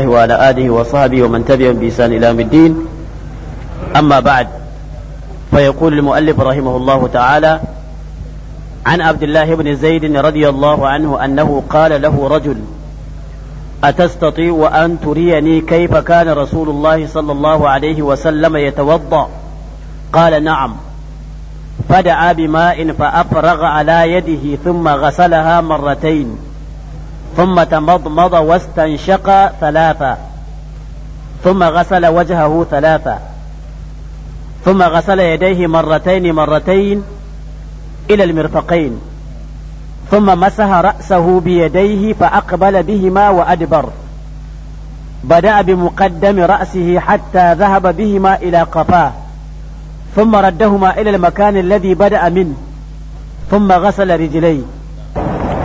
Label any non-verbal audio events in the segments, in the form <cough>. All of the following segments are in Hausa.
الله وعلى آله وصحبه ومن تبعهم بإحسان إلى يوم الدين أما بعد فيقول المؤلف رحمه الله تعالى عن عبد الله بن زيد رضي الله عنه أنه قال له رجل أتستطيع أن تريني كيف كان رسول الله صلى الله عليه وسلم يتوضأ قال نعم فدعا بماء فأفرغ على يده ثم غسلها مرتين ثم تمضمض واستنشق ثلاثا ثم غسل وجهه ثلاثا ثم غسل يديه مرتين مرتين إلى المرفقين ثم مسح رأسه بيديه فأقبل بهما وأدبر بدأ بمقدم رأسه حتى ذهب بهما إلى قفاه ثم ردهما إلى المكان الذي بدأ منه ثم غسل رجليه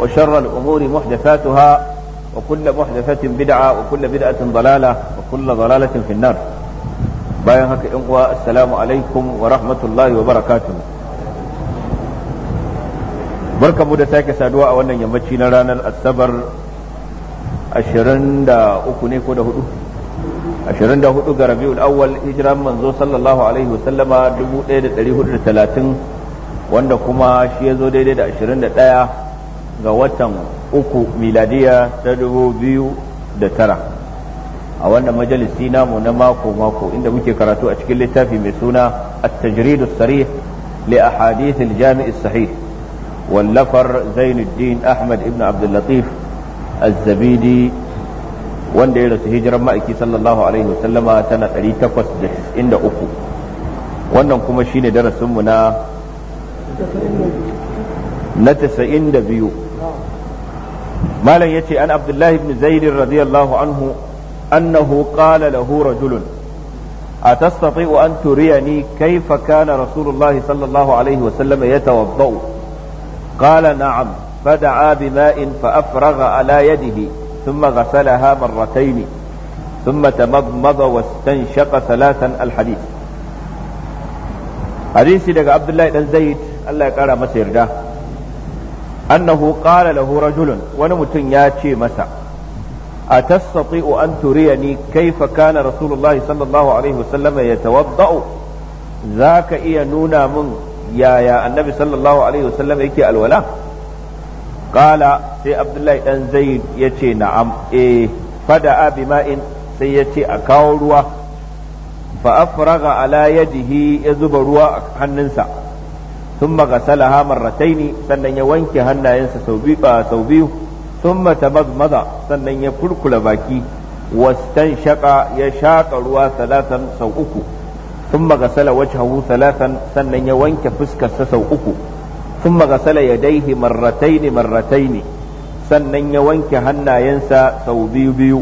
وشر الأمور محدثاتها وكل محدثة بدعة وكل بدعة ضلالة وكل ضلالة في النار bayan haka yan uwa assalamu alaikum wa rahmatullahi wa barakatuhu barkamu da sake saduwa a wannan yammaci na ranar asabar 23 ne ko da hudu 24 ga rabiul awal hijiran manzo sallallahu alaihi wa sallama 1430 wanda kuma shi ya zo daidai da 21 ga watan uku miladiya ta dubu biyu da tara a wannan majalisi namu na mako mako inda muke karatu a cikin littafi mai suna at-tajrid sarih li ahadith al-jami' sahih wallafar Zainuddin Ahmad ibn abdullatif az-Zabidi wanda ya rasu hijiran ma'aiki sallallahu alaihi wasallama tana 893 wannan kuma shine darasinmu na na 92 malam ya ce an abdullah ibn zaid radiyallahu anhu annahu qala lahu rajulun atastati'u an turiyani kayfa kana rasulullah sallallahu alaihi wa sallam yatawaddau qala na'am fada'a bima'in fa'afragha ala yadihi thumma ghasalaha marratayn ثم تمضمض واستنشق ثلاثا الحديث hadisi daga abdullahi dan zaid Allah ya kara masa yarda annahu qala lahu rajulun wani mutum ya ce masa atastati'u an ni kaifa kana rasulullahi sallallahu alaihi wasallam yatawadda'u zaka iya nuna mun yaya annabi sallallahu alaihi wasallam yake alwala qala sai abdullahi dan zai yace na'am eh fada'a in sai yace a kawo ruwa fa afraga ya yadihi ya zuba ruwa a hannunsa ثم غسلها مرتين sannan ya wanke hannayensa sau ah, biyu ثم تمضمض sannan ya kurkula baki wastanshaqa ya shaƙa ruwa salatan sau uku ثم غسل وجهه ثلاثا sannan ya wanke fuskarsa sau uku ثم غسل يديه مرتين مرتين sannan ya wanke hannayensa sau biyu biyu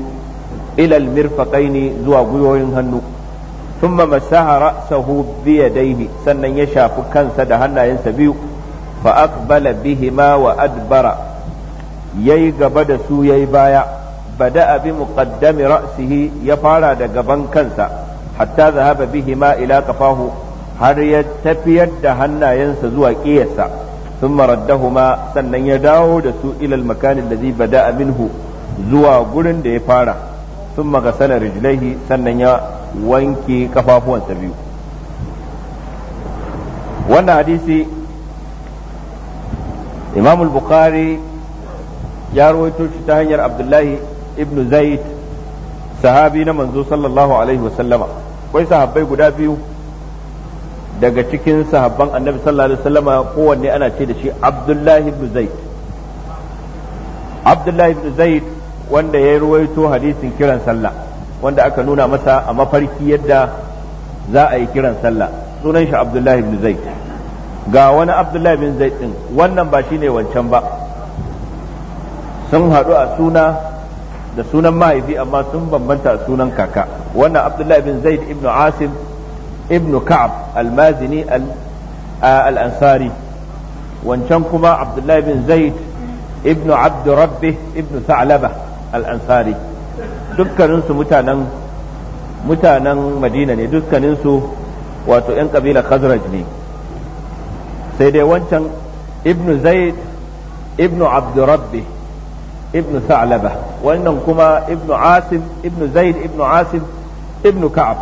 ilal mirfaqaini zuwa gwiwoyin hannu thumma masaha ra'sahu bi yadayhi sannan ya shafi kansa da hannayensa biyu fa aqbala bihima wa adbara yayi gaba da su yayi baya bada'a bi muqaddami ra'sihi ya fara da gaban kansa hatta zahaba bihima ila kafahu har ya tafiyar da hannayensa zuwa ƙiyarsa ثم ردهما sannan ya dawo da su ilal makanin da zai bada minhu zuwa gurin da ya fara sun magasala rijlaihi sannan ya wanke kafafuwansa biyu wannan hadisi imam bukhari ya rawaito shi ta hanyar abdullahi ibn zaid sahabi na manzo sallallahu alaihi wasallama akwai sahabbai guda biyu daga cikin sahabban annabi sallallahu alaihi wasallama kowanne ana ce da shi abdullahi ibn zaid abdullahi ibn zaid wanda ya rawaito hadisin kiran sallah wanda aka nuna masa a mafarki yadda za a yi kiran sallah sunan shi abdullahi bin zaid ga wani abdullahi bin zaid din wannan ba shine wancan ba sun haɗu a suna da sunan mahaifi amma sun bambanta a sunan kaka wannan abdullahi bin zaid ibnu asim ibnu ka'ab almazini al-ansari wancan kuma abdullahi bin zaid ibnu abdu rabbih ibnu sa'laba al-ansari dukkaninsu mutanen mutanen madina ne dukkaninsu wato 'yan kabila khazraj ne sai dai wancan Ibn zaid Ibn abdurrabbi Ibn sa'laba wannan kuma Ibn asim ibnu zaid Ibn asim Ibn ka'ab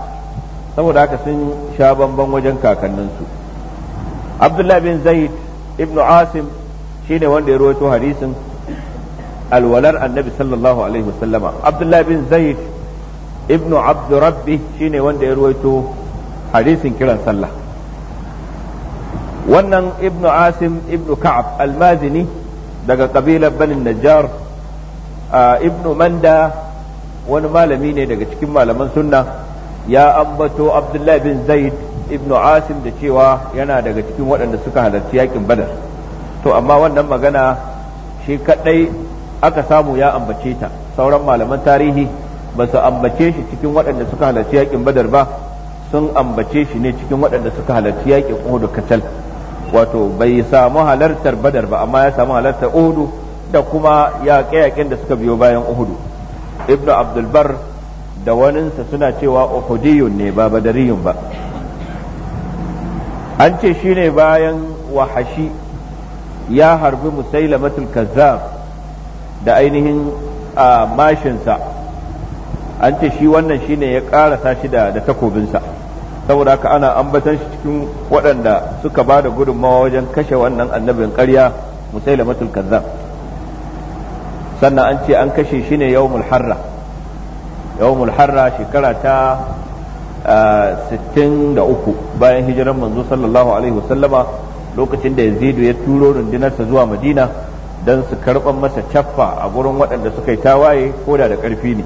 saboda haka sun sha bamban wajen kakanninsu abdullahi bin zaid Ibn asim shine wanda ya rawaito hadisin alwalar annabi sallallahu alaihi wasallama abdullahi bin zaid ibnu abdurrabbi shine wanda ya ruwaito hadisin kiran sallah wannan ibnu asim ibnu ka'ab almazini daga kabilar banin najjar ibnu manda wani malami ne daga cikin malaman sunna ya ambato abdullahi bin zaid ibnu asim da cewa yana daga cikin waɗanda suka halarci yakin badar to amma wannan magana shi kadai aka samu ya ambace ta sauran malaman tarihi ba su ambace shi cikin waɗanda suka halarci yaƙin badar ba sun ambace shi ne cikin waɗanda suka halarci yaƙin uhudu kacal wato bai samu halartar badar ba amma ya samu halartar uhudu da kuma yaƙe-yaƙen da suka biyo bayan uhudu ibnu abdulbar da waninsa suna cewa uhudiyun ne ba badariyun ba an ce shine bayan wahashi ya harbi musailamatul kazzab da ainihin a mashinsa an ce shi wannan shi ne ya karasa shi da takobinsa saboda haka ana ambatan shi cikin waɗanda suka ba da gudunmawa wajen kashe wannan annabin ƙarya matul kazzab sannan an ce an kashe shi ne yawmul harra yawmul mulharra shekara ta 63 bayan hijiran manzo sallallahu alaihi wasallama lokacin da yazidu ya turo rundunarsa zuwa madina don su karɓar masa caffa a gurin waɗanda suka yi tawaye ko da da ƙarfi ne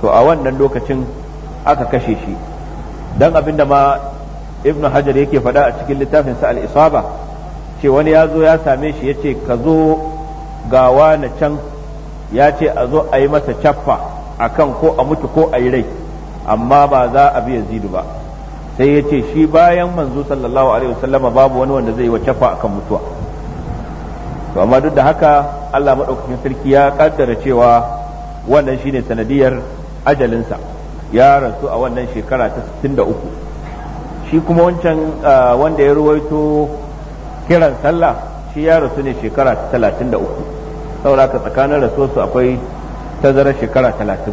to a wannan lokacin aka kashe shi don abin da ma ibnu hajar yake faɗa a cikin littafin sa Al'isaba. isaba ce wani ya zo ya same shi ya ce ka zo gawa na can ya ce a zo a yi masa caffa a kan ko a mutu ko a yi rai amma ba za a bi yazidu ba sai ya ce shi bayan manzo sallallahu alaihi wasallama babu wani wanda zai yi wa caffa akan mutuwa to amma duk da haka Allah madaukakin sarki ya kaddara cewa wannan shine sanadiyar ajalinsa ya rasu a wannan shekara ta 63 shi kuma wancan wanda ya ruwaito kiran sallah shi ya rasu ne shekara ta 33 saboda ka tsakanin su akwai tazarar shekara 30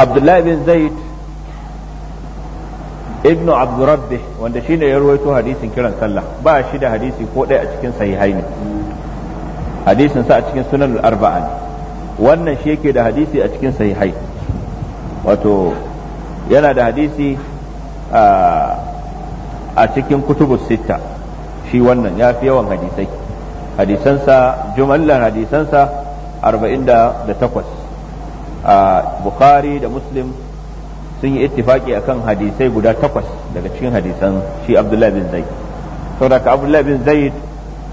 abdullahi bin zaid ibn abdurrabbi wanda shine ya rawaito hadisin kiran sallah ba shi da hadisi ko ɗaya a cikin sahihai ne hadisin a cikin sunan arba'a wannan shi yake da hadisi a cikin sahihai wato yana da hadisi a cikin kutubus sitta shi wannan ya fi yawan hadisai hadisansa jumallar hadisansa arba'in da takwas a bukhari da muslim sun yi ittifaki akan hadisai guda takwas daga cikin hadisan shi abdullahi bin zaid saboda abdullahi bin zaid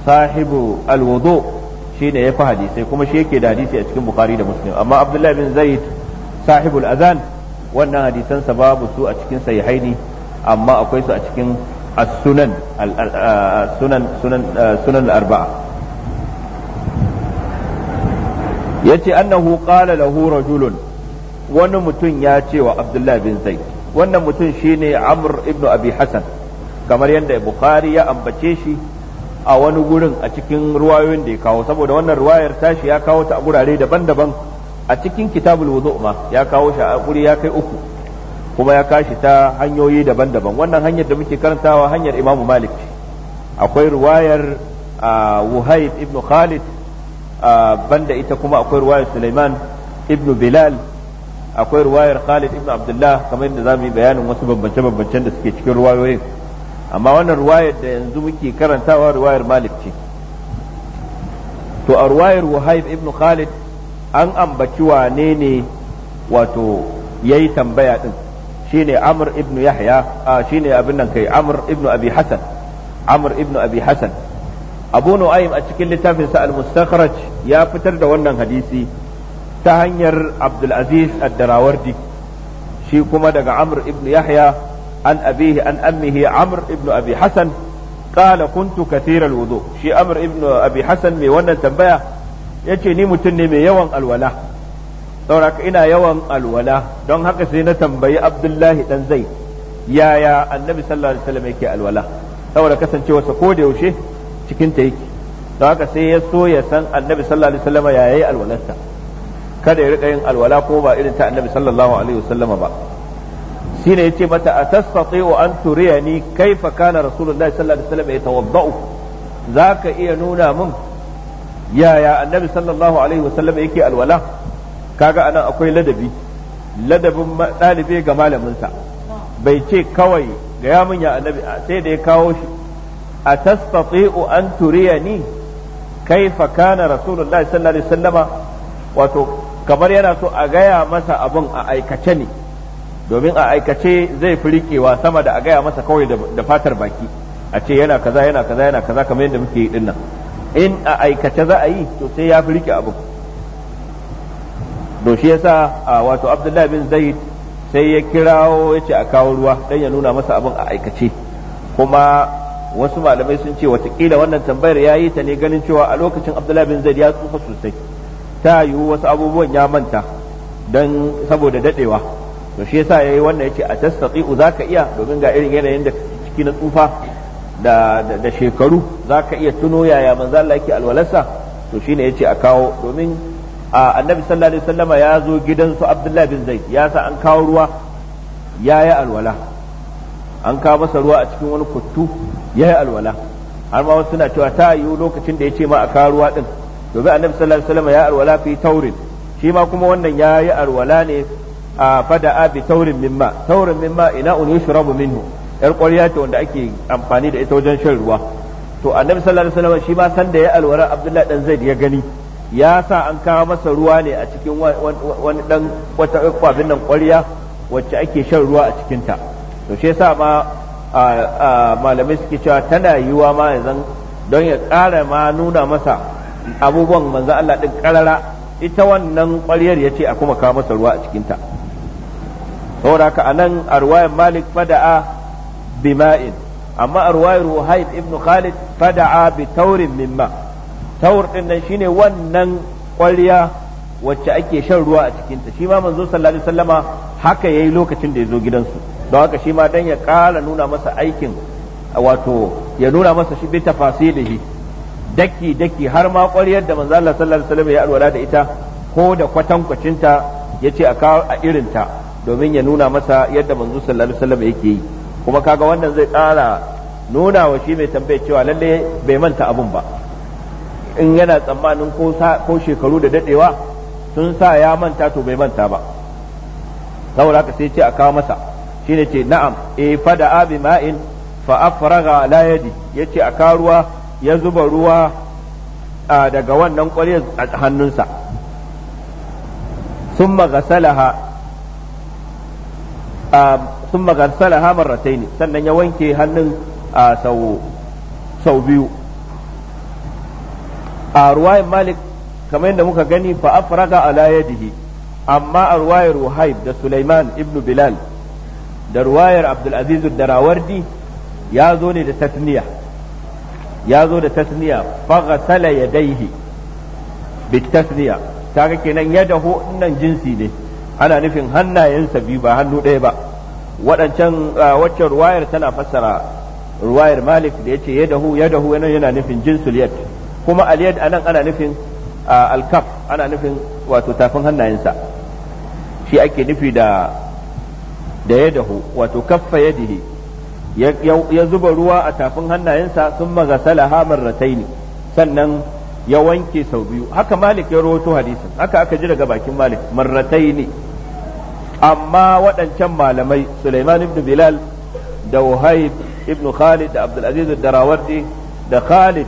sahibu alwudu shi ne ya fi hadisai kuma shi yake da hadisi a cikin bukhari da muslim amma abdullahi bin zaid sahibul azan wannan hadisansa babu su a cikin sahihaini amma akwai su a cikin as-sunan sunan sunan sunan al-arba'a yace annahu qala lahu rajulun wani mutum ya ce wa abdullahi bin zaid wannan mutum shine amr ibnu abi hasan kamar yadda bukhari ya ambace shi a wani gurin a cikin ruwayoyin da ya kawo saboda wannan ruwayar tashi ya kawo ta a gurare daban-daban a cikin kitabul wudu ma ya kawo shi a guri ya kai uku kuma ya kashi ta hanyoyi daban-daban wannan hanyar da muke karantawa hanyar imamu malik akwai ruwayar wuhaib Ibnu khalid banda ita kuma akwai ruwayar suleiman Ibnu bilal akwai ruwayar Khalid ibn Abdullah kamar yadda zamu yi bayanin wasu bambance-bambancen da suke cikin ruwayoyin amma wannan ruwayar da yanzu muke karantawa ruwayar Malik ce to a ruwayar Wahib ibn Khalid an ambaci wane ne wato yayi tambaya din shine Amr ibn Yahya a shine abin nan kai Amr ibn Abi Hasan Amr ibn Abi Hasan Abu Nu'aym a cikin littafinsa al-Mustakhraj ya fitar da wannan hadisi ta hanyar abdulaziz ad-darawardi shi kuma daga amr ibn yahya an abihi an ammihi amr ibn abi hasan qala kuntu kathira alwudu shi amr ibn abi hasan mai wannan tambaya yace ni mutum ne mai yawan alwala sauraka ina yawan alwala don haka sai na tambayi abdullahi dan zai yaya annabi sallallahu alaihi wasallam yake alwala saboda kasancewa ko da yaushe cikin ta yake don haka sai ya so ya san annabi sallallahu alaihi wasallam yaya alwalarsa kada ya riƙa yin alwala ko ba irin ta annabi sallallahu alaihi wasallama ba shine ce mata a atastati'u an turiyani kaifa kana rasulullahi sallallahu alaihi wasallam za ka iya nuna min yaya annabi sallallahu alaihi wasallam yake alwala kaga anan akwai ladabi ladabin ɗalibi ga malaminsa bai ce kawai ga ya min ya annabi sai da ya kawo shi a atastati'u an turiyani kaifa kana rasulullahi sallallahu alaihi wasallama wato kamar yana so a gaya masa abun a aikace ne domin a aikace zai fi riƙewa sama da a gaya masa kawai da fatar baki a ce yana kaza yana kaza yana kaza kamar yadda muke yi dinnan in a aikace za a yi to sai ya fi riƙe abin to shi yasa wato abdullahi bin zaid sai ya kirawo ya ce a kawo ruwa dan ya nuna masa abin a aikace kuma wasu malamai sun ce watakila wannan tambayar ya yi ta ne ganin cewa a lokacin abdullahi bin zaid ya tsufa sosai ta yiwu wasu abubuwan ya manta don saboda dadewa to shi yasa yayi wannan yace a tastati'u zaka iya domin ga irin yanayin da ciki na tsufa da da shekaru zaka iya tuno yaya manzo Allah yake alwalarsa to shine yace a kawo domin annabi sallallahu alaihi wasallama ya zo gidansu Abdullah bin Zaid ya sa an kawo ruwa ya alwala an kawo masa ruwa a cikin wani kuttu yayi alwala har ma wasu suna cewa ta yiwu lokacin da ya ce ma a kawo ruwa din domin annabi sallallahu alaihi wasallam ya alwala fi taurin shi ma kuma wannan ya yi alwala ne a fada'a bi taurin mimma taurin mimma ina un yushrabu minhu yar ƙwarya ce wanda ake amfani da ita wajen shan ruwa to annabi sallallahu alaihi wasallam shi ma san da ya alwara abdullahi dan zaid ya gani ya sa an kawo masa ruwa ne a cikin wani dan wata kwabin nan ƙwarya wacce ake shan ruwa a cikin ta to shi yasa ma malamai suke cewa tana yiwa ma yanzu don ya ƙara ma nuna masa abubuwan manzo Allah din karara ita wannan ƙwaryar yace a kuma kawo masa ruwa a cikin ta saboda haka anan arwaya Malik fada'a bima'in amma arwayar Wahid ibn Khalid fada'a bi taurin mimma taur din nan shine wannan ƙwarya wacce ake shan ruwa a cikin ta shi ma manzo sallallahu alaihi wasallama haka yayi lokacin da ya zo gidansu don haka shi ma dan ya ƙara nuna masa aikin wato ya nuna masa shi bi tafasilihi daki daki har ma kwaryar da manzo Allah sallallahu alaihi wasallam ya alwala da ita ko da kwatankwacinta yace a kawo a irin ta domin ya nuna masa yadda manzo sallallahu alaihi wasallam yake yi kuma kaga wannan zai ƙara nuna wa shi mai tambaye cewa lalle bai manta abun ba in yana tsammanin ko ko shekaru da dadewa sun sa ya manta to bai manta ba saboda haka sai ce a kawo masa shine ce na'am e eh, fada abi ma'in fa afraga la yadi yace a karuwa ya zuba ruwa daga wannan ƙwaryar a hannunsa sun magasalaha sun marratai ne sannan ya wanke hannun sau biyu a ruwayin malik kamar yadda muka gani fa afraga ala yadihi amma a ruwayar ruhaib da Suleiman ibn bilal da ruwayar abdulaziz da Rawardi, ya zo ne da tasniya ya zo da tasniya faghasala yadaihi bit tasniya kaga kenan yadahu nan jinsi ne ana nufin hannayensa biyu ba hannu ɗaya ba waɗancan waccan ruwayar tana fassara ruwayar malik da yace yadahu yadahu yana nufin jinsul yad kuma aliyad anan ana nufin alkaf ana nufin wato tafin hannayensa shi ake nufi da da yadahu wato kaffa yadihi ya zuba ruwa a tafin hannayensa sun magasala hamar ne sannan ya wanke sau biyu haka malik ya rawaito hadisin haka aka ji daga bakin malik ne amma waɗancan malamai suleiman ibn Bilal da Wahib ibn Khalid da Abdul da Darawardi da Khalid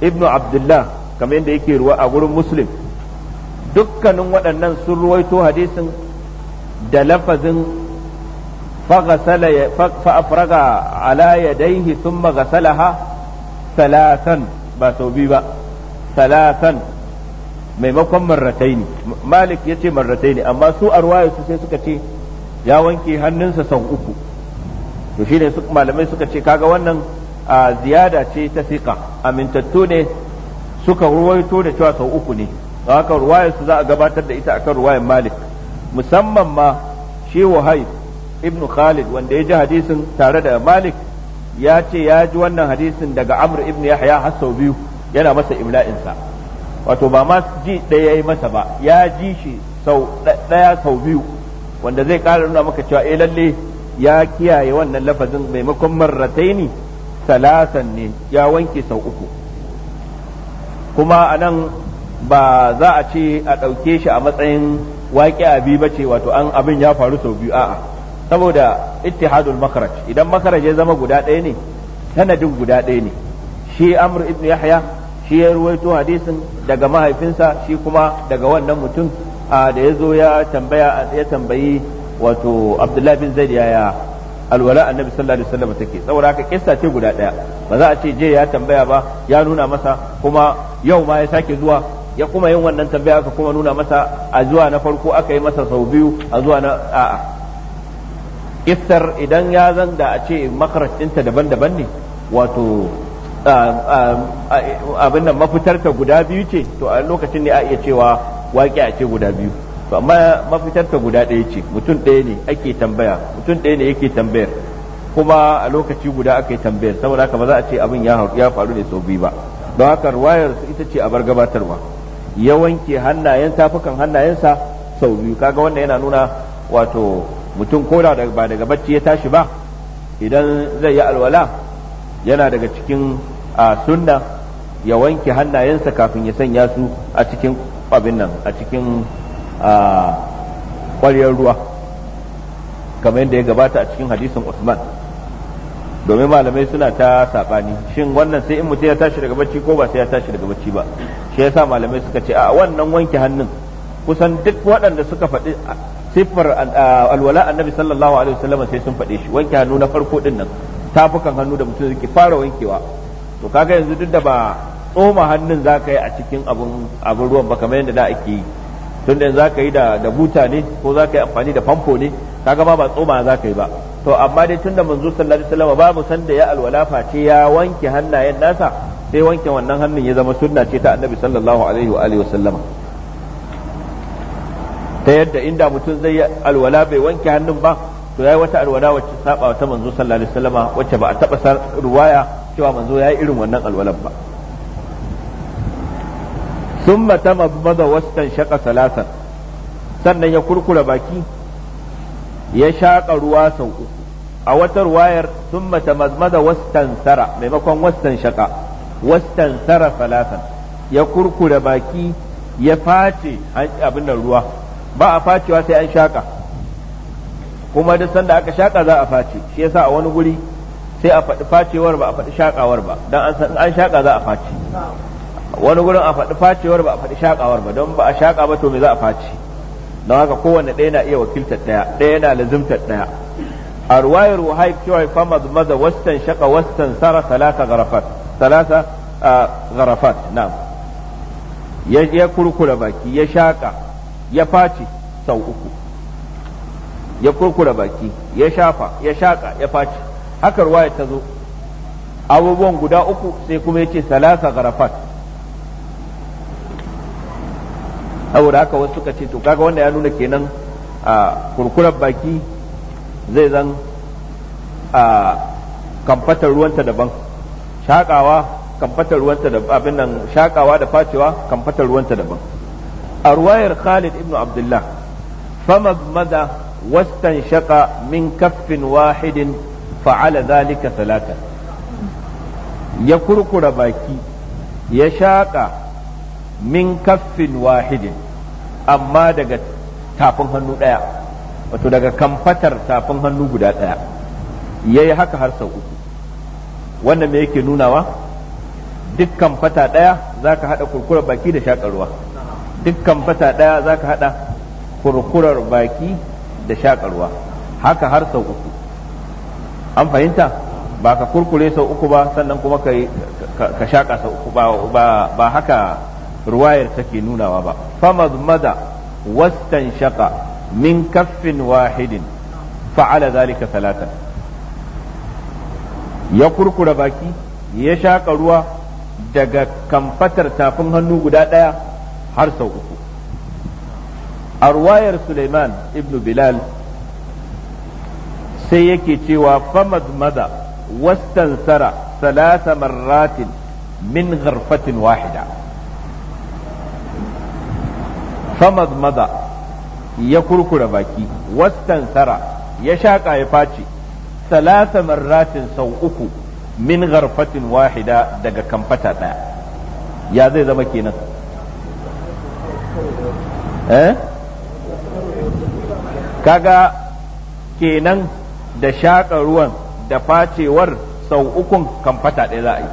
ibn Abdullah kamar yadda yake ruwa a wurin Muslim dukkanin waɗannan sun ruwaito hadisin da lafazin فغسل فأفرغ على يديه ثم غسلها ثلاثا باتوبيبا ثلاثا maimakon marratai ne malik ya ce marratai ne amma su a su sai suka ce ya wanke hannunsa sau uku to shine malamai suka ce kaga wannan a ziyada ce ta sika amintattu ne suka ruwaito da cewa sau uku ne haka ruwayar su za a gabatar da ita akan ruwayar malik musamman ma shi wahayb ibnu Khalid wanda ya ji hadisin tare da Malik ya ce ya ji wannan hadisin daga Amr ibn Yahya har sau biyu yana masa imla'insa wato ba ma ji ɗaya yi masa ba ya ji shi sau ɗaya sau biyu wanda zai ƙara nuna maka cewa eh lalle ya kiyaye wannan lafazin maimakon marrataini salasan ne ya wanke sau uku kuma anan ba za a ce a ɗauke shi a matsayin waƙi abi ba ce wato an abin ya faru sau biyu a'a saboda ittihadul makaraj idan makaraj ya zama guda ɗaya ne sanadin guda ɗaya ne shi amr ibn yahya shi ya ruwaito hadisin daga mahaifinsa shi kuma daga wannan mutum da ya zo ya tambaya ya tambayi wato abdullahi bin zaid yaya alwala annabi sallallahu alaihi wasallam take saboda haka kissa ce guda ɗaya ba za a ce je ya tambaya ba ya nuna masa kuma yau ma ya sake zuwa ya kuma yin wannan tambaya aka kuma nuna masa a zuwa na farko aka yi masa sau biyu a zuwa na a'a iftar idan ya zan a ce makarantinta daban-daban ne wato abin nan mafitar ta guda biyu ce to a lokacin ne a iya cewa waƙi a ce guda biyu to amma mafitar ta guda ɗaya ce mutum ɗaya ne ake tambaya mutum ɗaya ne yake tambayar kuma a lokaci guda aka yi tambayar saboda haka ba za a ce abin ya faru ne sau biyu ba don haka ruwayar ita ce a bar gabatarwa ya wanke hannayen tafukan hannayensa sau biyu kaga wanda yana nuna wato mutum ko da ba daga bacci ya tashi ba idan zai yi alwala yana daga cikin sunna ya wanke hannayensa kafin ya sanya su a cikin abin nan a cikin kwaryar ruwa kamar yadda ya gabata a cikin hadisin Usman domin malamai suna ta saɓani shin wannan sai in mutum ya tashi daga bacci ko ba sai ya tashi daga bacci ba shi yasa malamai suka ce a wannan wanke hannun kusan duk waɗanda suka faɗi siffar alwala annabi sallallahu alaihi wasallam sai sun faɗe shi wanke hannu na farko din nan tafukan hannu da mutum yake fara wankewa to kaga yanzu duk da ba tsoma hannun zaka yi a cikin abun abun ruwan ba kamar yadda da ake yi tun da zaka yi da buta ne ko zaka yi amfani da famfo ne kaga ba ba tsoma zaka yi ba to amma dai tunda manzo sallallahu alaihi wasallam babu sanda ya alwala face ya wanke hannayen nasa sai wanke wannan hannun ya zama sunna ce ta annabi sallallahu alaihi wa alihi wasallama ta yadda inda mutum zai yi alwala bai wanke hannun ba to yayi wata alwala wacce saba ta manzo sallallahu alaihi wasallam wacce ba a taba san ruwaya cewa manzo yayi irin wannan alwalan ba thumma tamadda wastan shaqa salatan sannan ya kurkura baki ya shaƙa ruwa sau uku a wata ruwayar sun mata wastan sara maimakon wastan shaƙa wastan sara salatan ya kurkura baki ya face abin da ruwa ba a facewa sai an shaƙa kuma duk sanda aka shaƙa za a face shi yasa a wani guri sai a faɗi facewar ba a faɗi shaƙawar ba don an san an shaƙa za a face wani gurin a faɗi facewar ba a faɗi shaƙawar ba don ba a shaƙa ba to me za a face don haka kowanne ɗaya na iya wakiltar ɗaya ɗaya na lazimtar ɗaya a ruwayar wahayib cewa fa mazmaza wastan shaka, wastan sara salasa garafat salasa ah, garafat na'am ya kurkura baki ya shaƙa ya face sau uku ya kurkura baki ya shafa ya shaka ya face haka ruwa ta zo abubuwan guda uku sai kuma ya ce salasa garafat saboda haka wasu suka ce to kaga wanda ya nuna kenan a kurkurar baki zai zan a kamfatar ruwanta daban shakawa kamfatar ruwanta da abin nan shakawa da facewa kamfatar ruwanta daban a ruwayar Khalid Ibnu Abdullah famagmada wastan shaƙa min kaffin wahidin fa'ala zalika talata ya kurkura baki ya shaƙa min kaffin wahidin amma daga tafin hannu ɗaya wato daga kamfatar tafin hannu guda ɗaya ya yi haka har sau uku wannan me yake nunawa dukkan fata ɗaya za ka haɗa kurkura baki da ruwa. dukkan fata ɗaya za ka haɗa kurkurar baki da shakarwa haka har sau uku an fahimta ba ka kurkure sau uku ba sannan kuma ka shaƙa sau uku ba haka ruwayar take nunawa ba mada wastan shaƙa min kaffin wahidin fa'ala zalika talatan ya kurkura baki ya shaƙa ruwa daga kamfatar tafin hannu guda ɗaya har sau uku a ruwayar suleiman ibn bilal sai yake cewa famad maza wastansara salasa marratin min gharfatin wahida famad maza ya kurkura baki wastansara ya shaƙa ya face salasa marratin sau uku min gharfatin wahida daga kamfata ɗaya ya zai zama kenan Eh? kaga kenan da shaƙa ruwan da facewar sau ukun kan fata ɗaya za a yi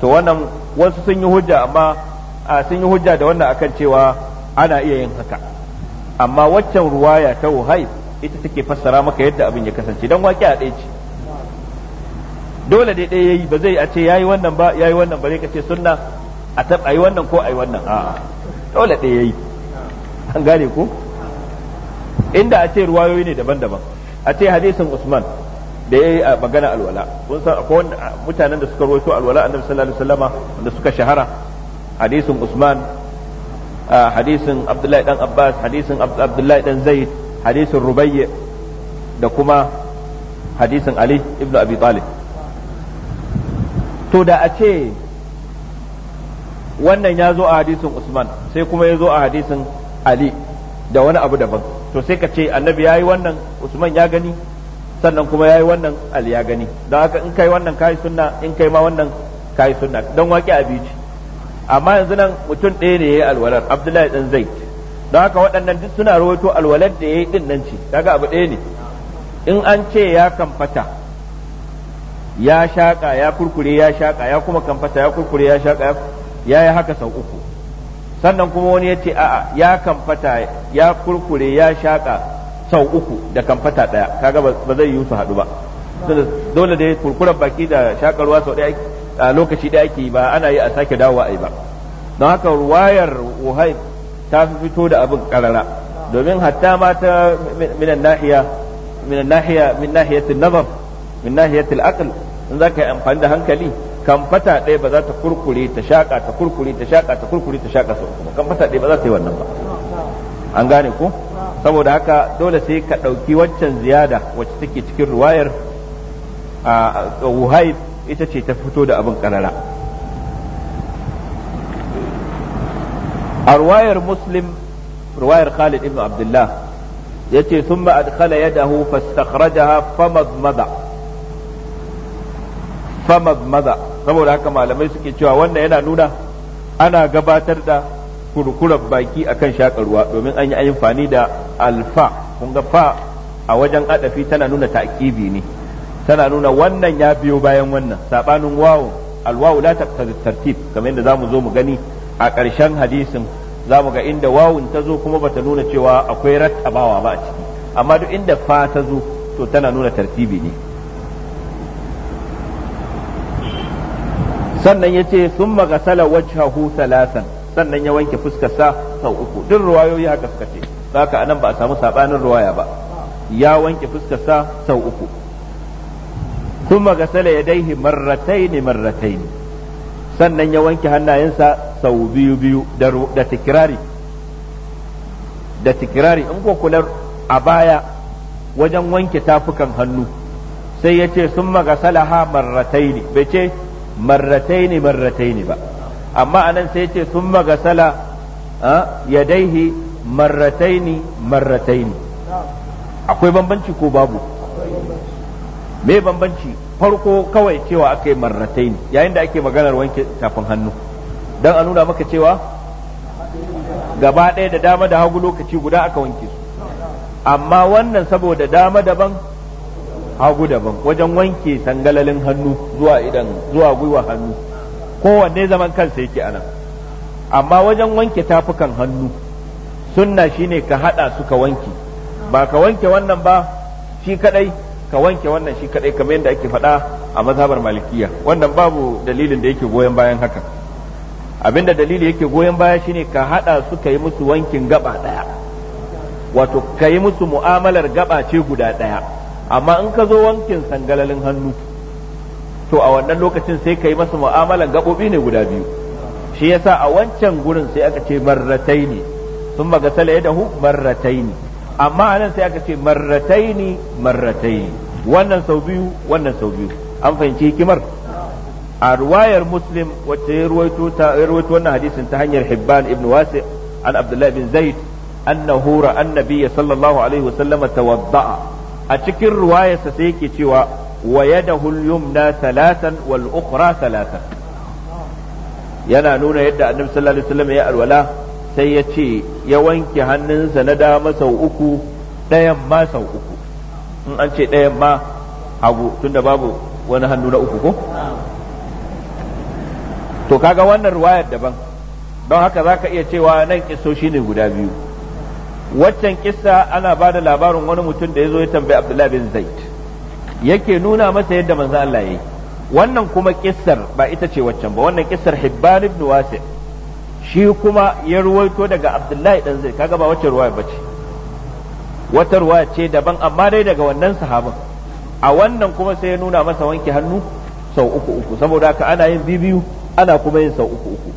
to wannan wasu sun yi hujja amma a sun yi hujja da wannan akan cewa ana iya yin haka amma waccan ruwaya ta wuhai ita take fassara maka yadda abin ya kasance don waƙi a ɗaya ce dole dai ɗaya yayi ba zai a ce yayi wannan ba yayi wannan ba zai ka ce sunna a tab ayi wannan ko ayi wannan a'a dole ɗaya yayi an gane ku inda a ce ruwayoyi ne daban-daban a ce hadisin Usman da ya yi a magana alwala kun san akwai mutanen da suka rawaito alwala annabi sallallahu alaihi wasallama wanda suka shahara hadisin Usman hadisin Abdullahi dan Abbas hadisin Abdullahi dan Zaid hadisin Rubayy da kuma hadisin Ali ibn Abi Talib to da a ce wannan ya zo a hadisin Usman sai kuma ya zo a hadisin ali da wani abu daban to sai ka ce annabi ya yi wannan usman ya gani sannan kuma ya yi wannan ali ya gani don haka in kai wannan kayi sunna in kai ma wannan kayi sunna don waƙi abinci amma yanzu nan mutum ɗaya ne ya yi alwalar abdullahi ɗan zaid don haka waɗannan duk suna rawaito alwalar da ya yi ɗin nan ce daga abu ɗaya ne in an ce ya kamfata ya shaƙa ya kurkure ya shaƙa ya kuma kamfata ya kurkure ya shaƙa ya yi haka sau uku sannan kuma wani ya ce a'a ya kamfata ya kurkure ya shaƙa sau uku da kamfata ɗaya kaga ba zai yi su haɗu ba dole da ya kurkure baki da shakarwa sau ɗaya a lokaci ɗaya ake ba ana yi a sake dawo a yi ba don haka wayar wuhai ta fi fito da abin karara domin hatta ma ta minan nahiya minan nahiya min nahiyatul nazar min nahiyatul aql in zaka yi amfani da hankali kamfata ɗaya ba za ta kurkure ta shaƙa ta kurkure ta shaƙa ta kurkure ta shaƙa sau kuma kamfata ɗaya ba za ta yi wannan ba an gane ku saboda haka dole sai ka ɗauki waccan ziyada wacce take cikin ruwayar a wuhaib ita ce ta fito da abin ƙarara a ruwayar muslim ruwayar khalid ibn abdullah ya ce sun ba adkhala yadahu fastakhrajaha famadmada famazmaza saboda haka malamai suke cewa wannan yana nuna ana gabatar da kurkurar baki akan shakarwa domin an yi amfani da alfa kun ga fa a wajen adafi tana nuna ta'kibi ne tana nuna wannan ya biyo bayan wannan sabanin wawo alwawu la tartib kamar yadda zamu zo mu gani a ƙarshen hadisin zamu ga inda wawun ta zo kuma bata nuna cewa akwai rattabawa ba a ciki amma duk inda fa ta zo to tana nuna tartibi ne sannan ya ce sun magasala wajhahu salasan sannan ya wanke fuskarsa sau uku duk ruwayoyi haka suka ce haka anan ba a samu sabanin ruwaya ba ya wanke fuskarsa sau uku sun magasala ya daihi marrataini marrataini sannan ya wanke hannayensa sau biyu biyu da tikirari da tikirari in ko kula a baya wajen wanke tafukan hannu sai ya ce sun magasala ha marrataini bai ce marrataini marrataini ba amma anan sai ce sun magasala ya daihe marrataini marrataini akwai bambanci ko babu me bambanci farko kawai cewa aka yi marrataini yayin da ake maganar wanke tafin hannu don a nuna maka cewa gaba ɗaya da dama da hagu lokaci guda aka wanke su amma wannan saboda dama daban hagu daban wajen wanke tangalalin hannu zuwa idan zuwa gwiwa hannu kowanne zaman kansa yake anan amma wajen wanke tafukan hannu sunna shine ka hada su ka wanke ba ka wanke wannan ba shi kadai ka wanke wannan shi kadai kamar yadda ake faɗa a mazhabar malikiya wannan babu dalilin da yake goyon bayan haka abinda dalili yake goyon baya shine ka hada su ka yi musu wankin gaba daya wato ka yi musu mu'amalar gaba ce guda daya amma in ka zo wankin sangalalin hannu to a wannan lokacin sai ka yi masa mu'amalan gaɓoɓi ne guda biyu shi yasa a wancan gurin sai aka ce marratai ne sun magasala ya dahu marratai ne amma nan sai aka ce marratai ne marratai ne wannan sau biyu wannan sau biyu an fahimci hikimar a ruwayar muslim wacce ya ruwaito wannan hadisin ta hanyar hibban ibn wasi an abdullahi bin zaid annahu ra'a annabiyya sallallahu alaihi wasallam tawadda'a a cikin ruwayarsa sai yake cewa wa yadahu yumna thalathan wal ukhra thalathan yana nuna yadda annabi sallallahu alaihi wasallam ya alwala sai ya ce ya wanke hannunsa na dama sau uku ɗayan ma sau uku in an ce ɗayan ma hagu tunda babu wani hannu na uku ko to kaga wannan ruwayar daban don haka zaka iya cewa nan kiso shine guda biyu waccan kissa ana ba da labarin wani mutum da ya zo ya tambayi abdullahi bin zaid yake nuna masa yadda manzo Allah yayi wannan kuma kissar ba ita ce waccan ba wannan kissar hibban ibn wasi shi kuma ya ruwaito daga abdullahi dan zaid kaga ba wacce ruwaya bace wata ruwaya ce daban amma dai daga wannan sahabin a wannan kuma sai ya nuna masa wanke hannu sau uku uku saboda haka ana yin bibiyu ana kuma yin sau uku uku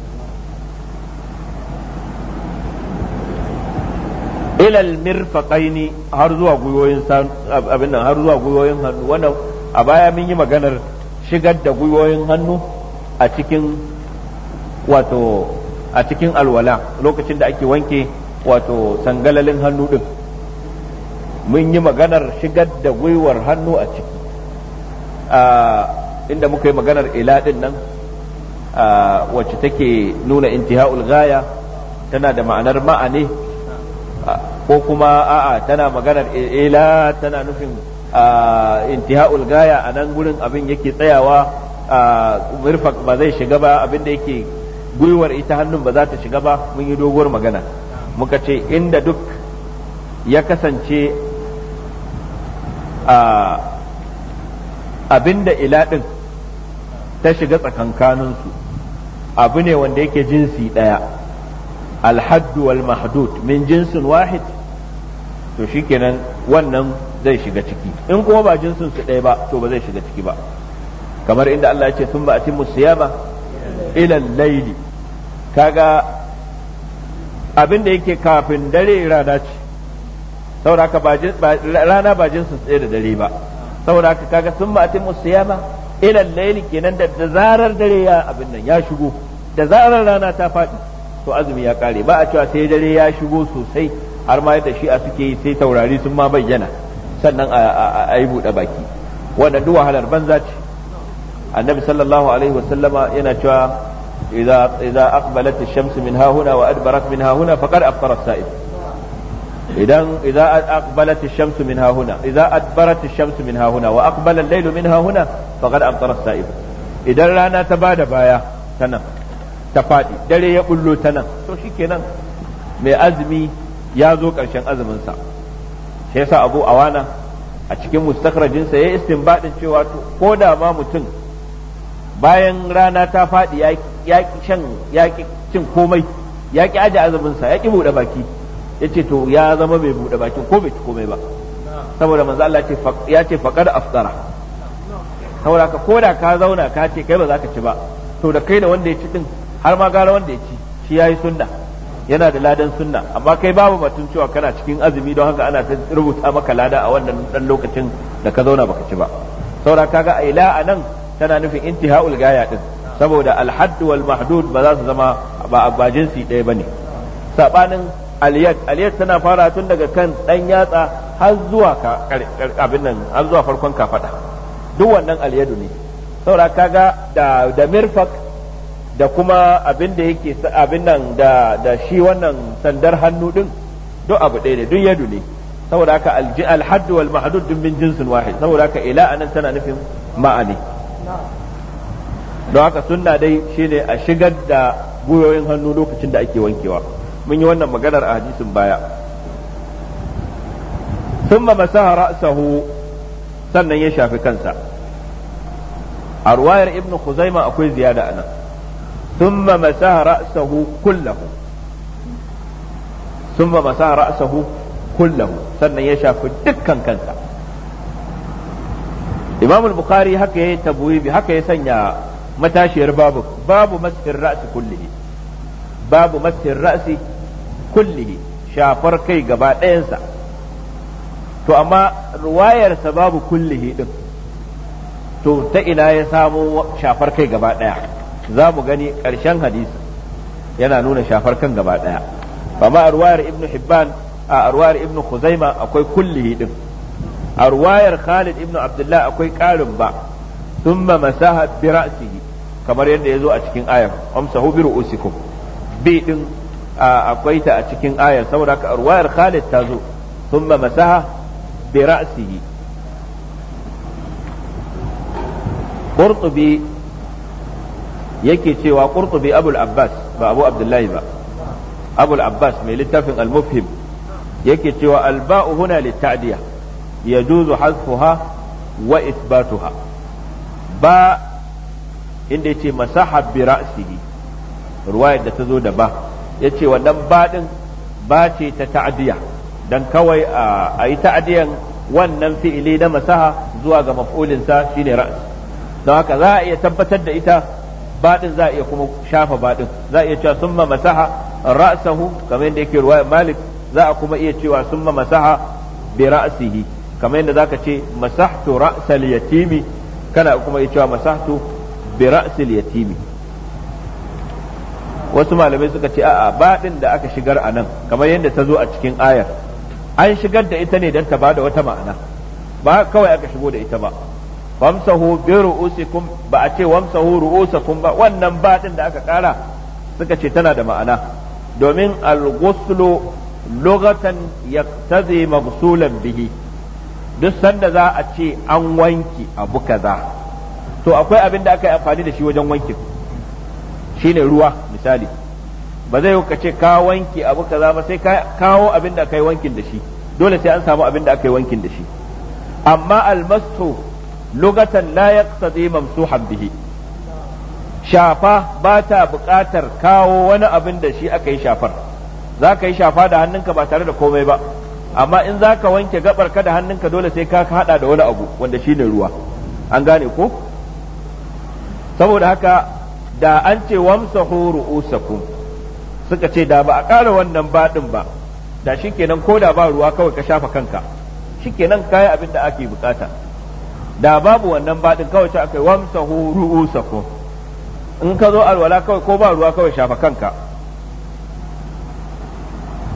ilal mirfaqaini har zuwa guyoyin abin nan har zuwa guyoyin hannu wannan a baya mun yi maganar shigar da guyoyin hannu a cikin wato a cikin alwala lokacin da ake wanke wato sangalalin hannu din mun yi maganar shigar da gwiwar hannu a ciki inda muka yi maganar ila din nan wacce take nuna intiha'ul gaya tana da ma'anar ma'ani. ko kuma a'a tana maganar ila eh, eh, tana nufin intiha'ul gaya a nan gurin abin yake tsayawa murfak ba zai shiga ba abin da yake gwiwar ita hannun ba za ta shiga ba mun yi doguwar magana muka ce inda duk ya kasance abin da ila din ta shiga tsakankaninsu abu ne wanda yake jinsi ɗaya الحد والمحدود من جنس jinsin wahid to shikenan wannan zai shiga ciki in kuma ba jinsin su ɗaya ba to ba zai shiga ciki ba kamar inda Allah ya ce sun ba a timu siyama ila laili kaga abin da yake kafin dare rana ce saboda haka rana ba jinsin tsaye da dare ba saboda haka kaga sun ba a timu siyama ila laili kenan da zarar dare ya abin nan ya shigo da zarar rana ta faɗi to azumi ya kare ba a cewa sai dare ya shigo sosai har ma yadda shi'a suke yi sai taurari sun ma bayyana sannan a yi buɗe baki wanda duk wahalar banza ce annabi sallallahu alaihi wasallama yana cewa idza aqbalat ash-shams min hahuna wa adbarat min hahuna faqad afṭara as-sa'im idan idza aqbalat ash-shams min hahuna idza adbarat ash-shams min hahuna wa aqbala al-laylu min hahuna faqad afṭara as-sa'im idan rana ta bada baya sanan ta faɗi dare ya bullo ta nan to nan mai azumi ya zo ƙarshen azuminsa sa shi yasa abu awana a cikin mustakarajinsa ya ya istinbadin cewa to ko da ma mutum bayan rana ta faɗi ya shan ya cin komai ya ki aje azuminsa ya ki buɗe baki ya ce to ya zama mai buɗe bakin ko bai ci komai ba saboda manzo Allah ya ce faqad aftara saboda ka koda ka zauna ka ce kai ba za ka ci ba to da kai da wanda ya ci din har ma gara wanda ya ci shi yi sunna yana da ladan sunna amma kai babu batun cewa kana cikin azumi don haka ana ta rubuta maka lada a wannan dan lokacin da ka zauna baka ci ba saura kaga ila nan tana nufin intihaul gaya din saboda alhadd wal mahdud ba za su zama ba ba jinsi ɗaya bane sabanin aliyat aliyat tana fara tun daga kan dan yatsa har zuwa ka abin nan har zuwa farkon kafada duk wannan aliyadu ne saura kaga da da mirfaq da kuma abin da yake abin nan da da shi wannan sandar hannu din duk abu ɗaya ne duk yadu ne saboda haka alji alhadd wal mahdud min jinsin wahid saboda haka ila anan tana nufin ma'ani don haka sunna dai shine a shigar da guyoyin hannu lokacin da ake wankewa mun yi wannan maganar a hadisin baya thumma masaha ra'sahu sannan ya shafi kansa a ruwayar ibnu khuzaima akwai ziyada anan thumma masaha ra'sahu kullahu thumma masaha ra'sahu kullahu sannan ya shafi dukkan kansa Imam al-Bukhari haka yayi tabwibi haka ya sanya matashiyar babu babu masir ra'si kullihi babu masir ra'si kullihi shafar kai gaba ɗayansa to amma ruwayarsa babu kullihi din to ta ina ya samo shafar kai gaba ɗaya za mu gani ƙarshen hadisi yana nuna shafar kan gaba ɗaya amma a ruwayar ibn hibban a ruwayar ibn khuzaima akwai kullihi din a ruwayar khalid ibn abdullah akwai ƙarin ba Sun thumma masaha bi ra'sihi kamar yadda ya zo a cikin ayar amsahu bi ru'usikum bi din akwai ta a cikin ayar saboda haka ruwayar khalid ta zo sun thumma masaha bi ra'sihi qurtubi yake cewa qurtubi abul abbas ba abu abdullahi ba abul abbas mai littafin al-mufhim yake cewa alba'u huna litta'diya yajuzu hasfuha wa isbatuha ba inda yace masaha bi ra'sihi ruwayar da ta zo da ba yace wannan ba din ba ce ta ta'diya dan kawai a yi ta'diyan wannan fi'ili na masaha zuwa ga mafulinsa shine ra's don haka za a iya tabbatar da ita baɗin za a iya kuma shafa baɗin za a iya cewa summa masaha ra'sahu kamar yadda yake ruwaya malik za a kuma iya cewa summa masaha bi ra'sihi kamar yadda zaka ce masahtu ra'sal yatimi kana kuma iya cewa masahtu bi ra'sil yatimi wasu malamai suka ce a'a baɗin da aka shigar a nan kamar yadda ta zo a cikin ayar an shigar da ita ne don ta bada wata ma'ana ba kawai aka shigo da ita ba famsahu bi ru'usikum ba a ce wamsahu ru'usakum ba wannan ba din da aka kara suka ce tana da ma'ana domin al-ghuslu lughatan yaqtazi maghsulan bihi duk sanda za a ce an wanki abu kaza to akwai abin da aka yi amfani da shi wajen wanki shine ruwa misali ba zai ka ce ka wanki abu kaza ba sai ka kawo abin da aka yi wankin da shi dole sai an samu abin da aka yi wankin da shi amma al-mastu lugatan la yaqtadi mamsuhan bihi shafa ba ta buƙatar kawo wani abin da shi aka yi shafar za ka yi shafa da hannunka ba tare da komai ba amma in za ka wanke gabar ka da hannunka dole sai ka haɗa da wani abu wanda shi ne ruwa an gane ko saboda haka da an ce wamsahu ru'usakum suka ce da ba a ƙara wannan baɗin ba da shikenan ko da ba ruwa kawai ka shafa kanka shi ka kayi abin da ake bukata da babu wannan baɗin kawai ta akai wamsahu ru'usakum in ka zo alwala kawai ko ba ruwa kawai shafa kanka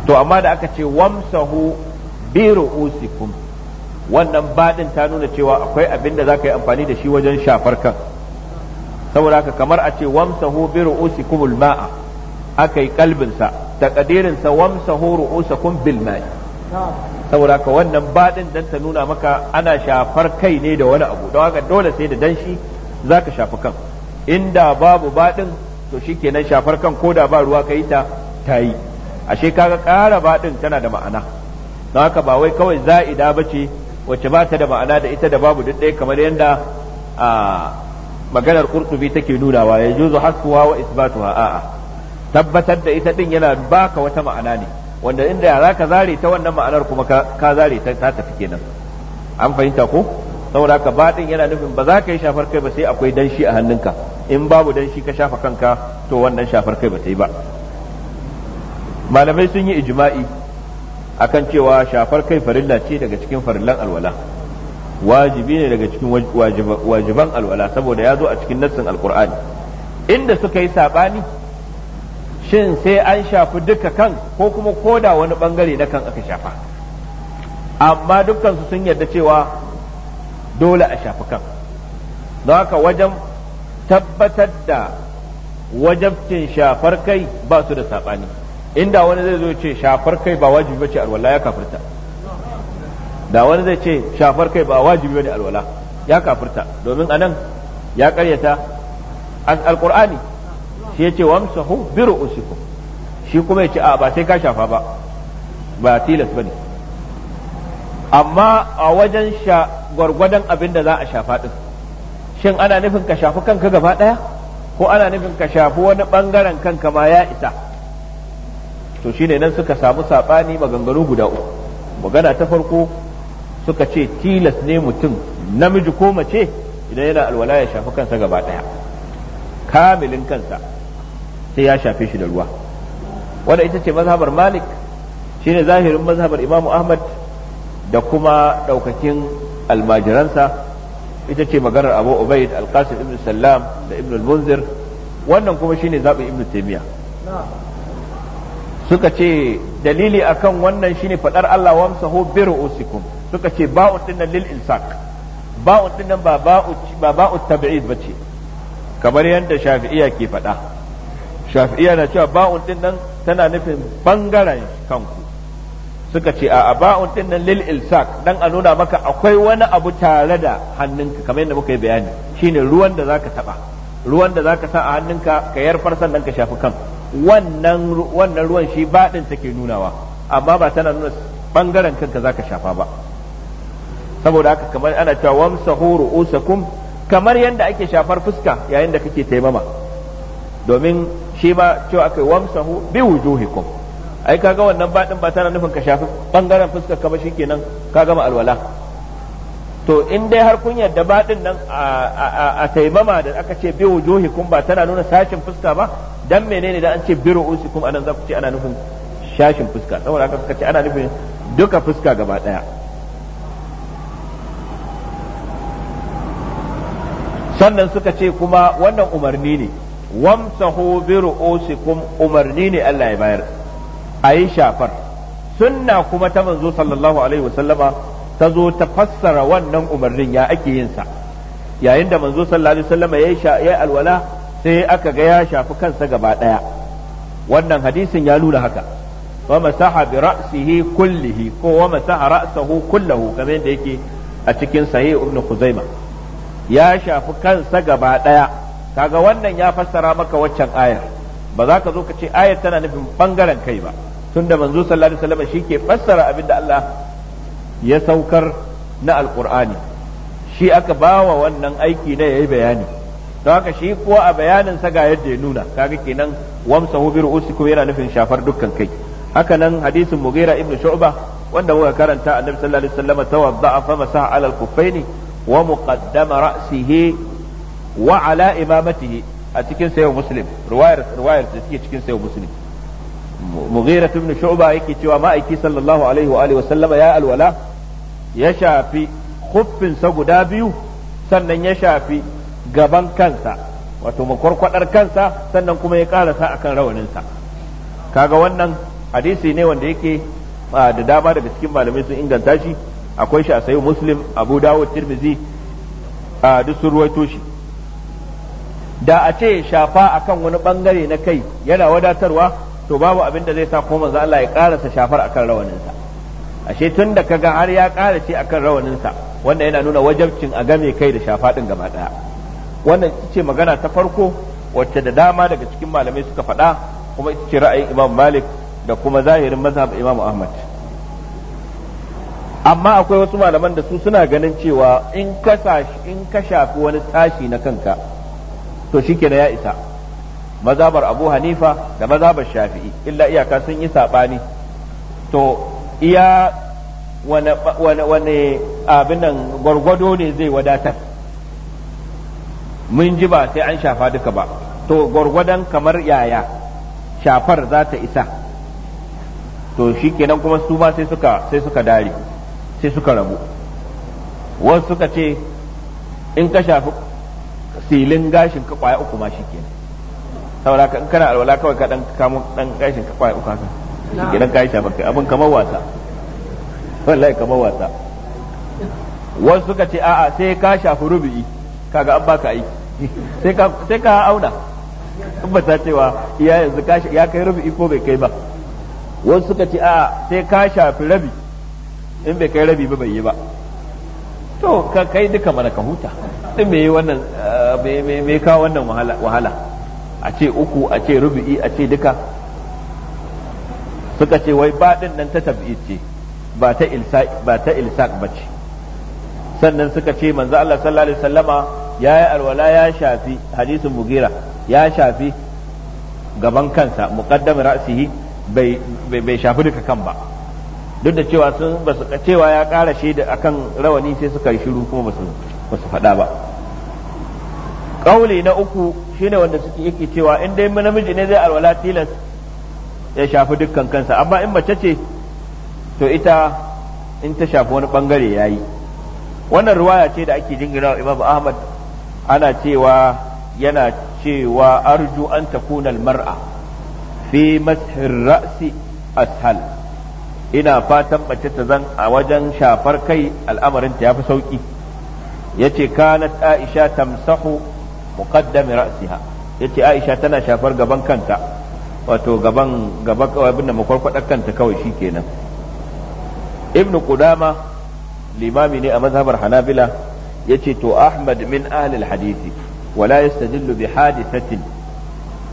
to amma da aka ce wamsahu bi ru'usikum wannan baɗin ta nuna cewa akwai abin da za ka yi amfani da shi wajen shafar kan saboda haka kamar a ce wamsahu bi ru'usikum ma'a yi kalbinsa taqdirin sa wamsahu ru'usakum bil ma'i saboda ka wannan baɗin dan ta nuna maka ana shafar kai ne da wani abu don haka dole sai da danshi ka shafi kan inda babu baɗin to shikenan shafar kan ko da ba ruwa ka yi ta ta yi ashe kaga ƙara baɗin tana da ma'ana don haka ba wai kawai za za'ida ba ce wacce ba ta da ma'ana da ita da babu duk ɗaya kamar yadda a maganar kurtubi take nunawa ya juzu haskuwa wa isbatuwa a'a tabbatar da ita ɗin yana baka wata ma'ana ne wanda inda za ka zare ta wannan ma'anar kuma ka zare ta ta tafi kenan an fahimta ko saboda haka baɗin yana nufin ba za ka yi shafar kai ba sai akwai danshi a hannunka in babu danshi ka shafa kanka to wannan shafar kai ba ta yi ba malamai sun yi ijma'i akan cewa shafar kai farilla ce daga cikin farillan alwala wajibi ne daga cikin wajiban alwala saboda ya zo a cikin nassin alkur'ani inda suka yi saɓani shin sai an shafi duka kan ko kuma koda wani bangare na kan aka shafa amma su sun yarda cewa dole a shafi kan don haka wajen tabbatar da wajabcin shafar kai ba su da saɓani inda wani zai zo ce shafar kai ba wajibi ba ce alwala ya kafirta da wani zai ce shafar kai ba wajibi ba ne alwala ya kafirta domin anan ya karyata alkur'ani sai yace wamsahu bi ru'usikum shi kuma yace a ba sai ka shafa ba ba tilas bane amma a wajen sha gwargwadon abin da za a shafa din shin ana nufin ka shafi kanka gaba daya ko ana nufin ka shafi wani bangaren kanka ma ya isa to shine nan suka samu sabani maganganu guda uku magana ta farko suka ce tilas ne mutum namiji ko mace idan yana alwala ya shafi kansa gaba daya kamilin kansa sai ya shafe shi da ruwa wanda ita ce mazhabar malik shine zahirin mazhabar imamu ahmad da kuma daukakin almajiransa ita ce maganar abu ubaid alqasim ibn sallam da ibn al-munzir wannan kuma shine zaɓin ibn taymiya suka ce dalili akan wannan shine fadar Allah wa wamsahu bi ru'usikum suka ce ba'u dinnan lil insaq ba'u dinnan ba ba'u ba ba'u tab'id bace kamar yadda shafi'iyya ke fada shafi'iya na cewa ba'un din nan tana nufin bangaren kanku suka ce a ba'un din nan lil ilsak dan a nuna maka akwai wani abu tare da hannunka kamar yadda muka yi bayani shine ruwan da zaka taba ruwan da zaka sa a hannunka ka yarfar sannan ka shafi kan wannan wannan ruwan shi baɗin take nunawa amma ba tana nuna bangaren kanka zaka shafa ba saboda haka kamar ana cewa wamsahu ru'usakum kamar yadda ake shafar fuska yayin da kake taimama domin shi ma cewa akai wamsahu bi wujuhikum ai kaga wannan badin ba tana nufin ka shafi bangaren fuskar ka ba shikenan ka gama alwala to in dai har kun yadda badin nan a taimama da aka ce bi wujuhikum ba tana nuna sashin fuska ba dan menene da an ce bi ru'usikum anan za ku ce ana nufin shashin fuska saboda haka suka ce ana nufin duka fuska gaba daya sannan suka ce kuma wannan umarni ne wamsahu bi ru'usikum umarni ne Allah ya bayar ayi shafar sunna kuma ta manzo sallallahu alaihi wasallama ta zo ta fassara wannan umarnin ya ake yin sa yayin da manzo sallallahu alaihi wasallama yayi yayi alwala sai aka ga ya shafi kansa gaba daya wannan hadisin ya nuna haka wa masaha bi ra'sihi kullihi ko wa masaha ra'sahu kullahu kamar yadda yake a cikin sahih ibn khuzaimah ya shafi kansa gaba daya kaga wannan ya fassara maka waccan ayar ba za ka zo ka ce ayar tana nufin bangaren kai ba tunda manzo sallallahu alaihi wasallam shike fassara abin da Allah ya saukar na alqur'ani shi aka bawa wannan aiki na yayi bayani don haka shi kuwa a bayanin sa ga yadda ya nuna kaga kenan Wamsa bi Usiku yana nufin shafar dukkan kai haka nan hadisin Mughira Ibnu Shu'ba wanda muka karanta annabi sallallahu alaihi wasallam tawadda'a fa masaha alal kuffaini wa muqaddama ra'sihi wa ala imamatihi a cikin sayyid muslim riwayar riwayar da take cikin sayyid muslim mughira ibn shu'ba yake cewa ma'aiki sallallahu alaihi wa alihi wa sallama ya alwala ya shafi khuffin sa guda biyu sannan ya shafi gaban kansa wato makwarkwadar kansa sannan kuma ya karasa akan rawaninsa kaga wannan hadisi ne wanda yake da dama daga cikin malamai sun inganta shi akwai shi a sayi muslim abu dawud tirmizi a duk sun ruwaito shi da a ce shafa akan wani bangare na kai yana wadatarwa to babu abin da zai sa ko manzo Allah ya karasa shafar akan rawaninsa ashe tun da kaga har ya karace akan rawaninsa wanda yana nuna wajabcin a game kai da shafa din gaba daya wannan ce magana ta farko wacce da dama daga cikin malamai suka faɗa kuma ita ce ra'ayin Imam Malik da kuma zahirin mazhab Imam Ahmad amma akwai wasu malaman da su suna ganin cewa in ka in ka shafi wani tashi na kanka to shikenan ya isa mazabar abu hanifa da mazabar shafi'i illa iyaka sun yi saɓani to iya wane abin gwargwado ne zai wadatar mun ji ba sai an shafa duka ba to gwargwadon kamar yaya shafar za ta isa to shikenan kuma su ba sai suka sai suka dare sai suka rabu wasu suka ce in ka shafi silin gashin ka kwaya uku ma shi kenan saboda in kana alwala kawai ka dan kamo dan gashin ka kwaya uku haka gidan ka shafa kai abin kamar wasa wallahi kamar wasa wasu suka ce a'a sai ka shafi rubi'i kaga an baka aiki <laughs> sai ka sai ka auna tabbata cewa iya yanzu ya kai rubi'i ko bai kai ba wasu suka ce a'a sai ka shafi rabi in bai kai rabi ba bai yi ba to kai duka mana ka huta din me wannan eh, me ka wannan wahala a ce uku a ce rubu'i a ce duka suka ce wai baɗin nan ta tabi'i ce ba ta ilsa ba ta ce sannan suka ce manzo Allah sallallahu alaihi wasallama ya yi alwala ya shafi hadisin mugira ya shafi gaban kansa muqaddam ra'sihi bai shafi duka kan ba duk da cewa sun ba su cewa ya ƙara da akan rawani sai suka yi shiru kuma ba su faɗa ba ƙauli na uku shine wanda suke yake cewa in dai namiji ne zai alwala tilas ya shafi dukkan kansa amma in mace ce to ita in ta shafi wani bangare yayi wannan ruwaya ce da ake jingina wa Imam Ahmad ana cewa yana cewa arju an takuna al-mar'a fi mashir ra'si ashal ina fatan mace ta zan a wajen shafar kai al'amarin ta yafi sauki yace kanat aisha tamsahu muqaddam ra'siha yace aisha tana shafar gaban kanta wato gaban gaba abin da makwarkwadar kanta kawai shikenan ibnu qudama limami ne a mazhabar hanabila yace to ahmad min ahli alhadisi wala yastadillu bi hadithatin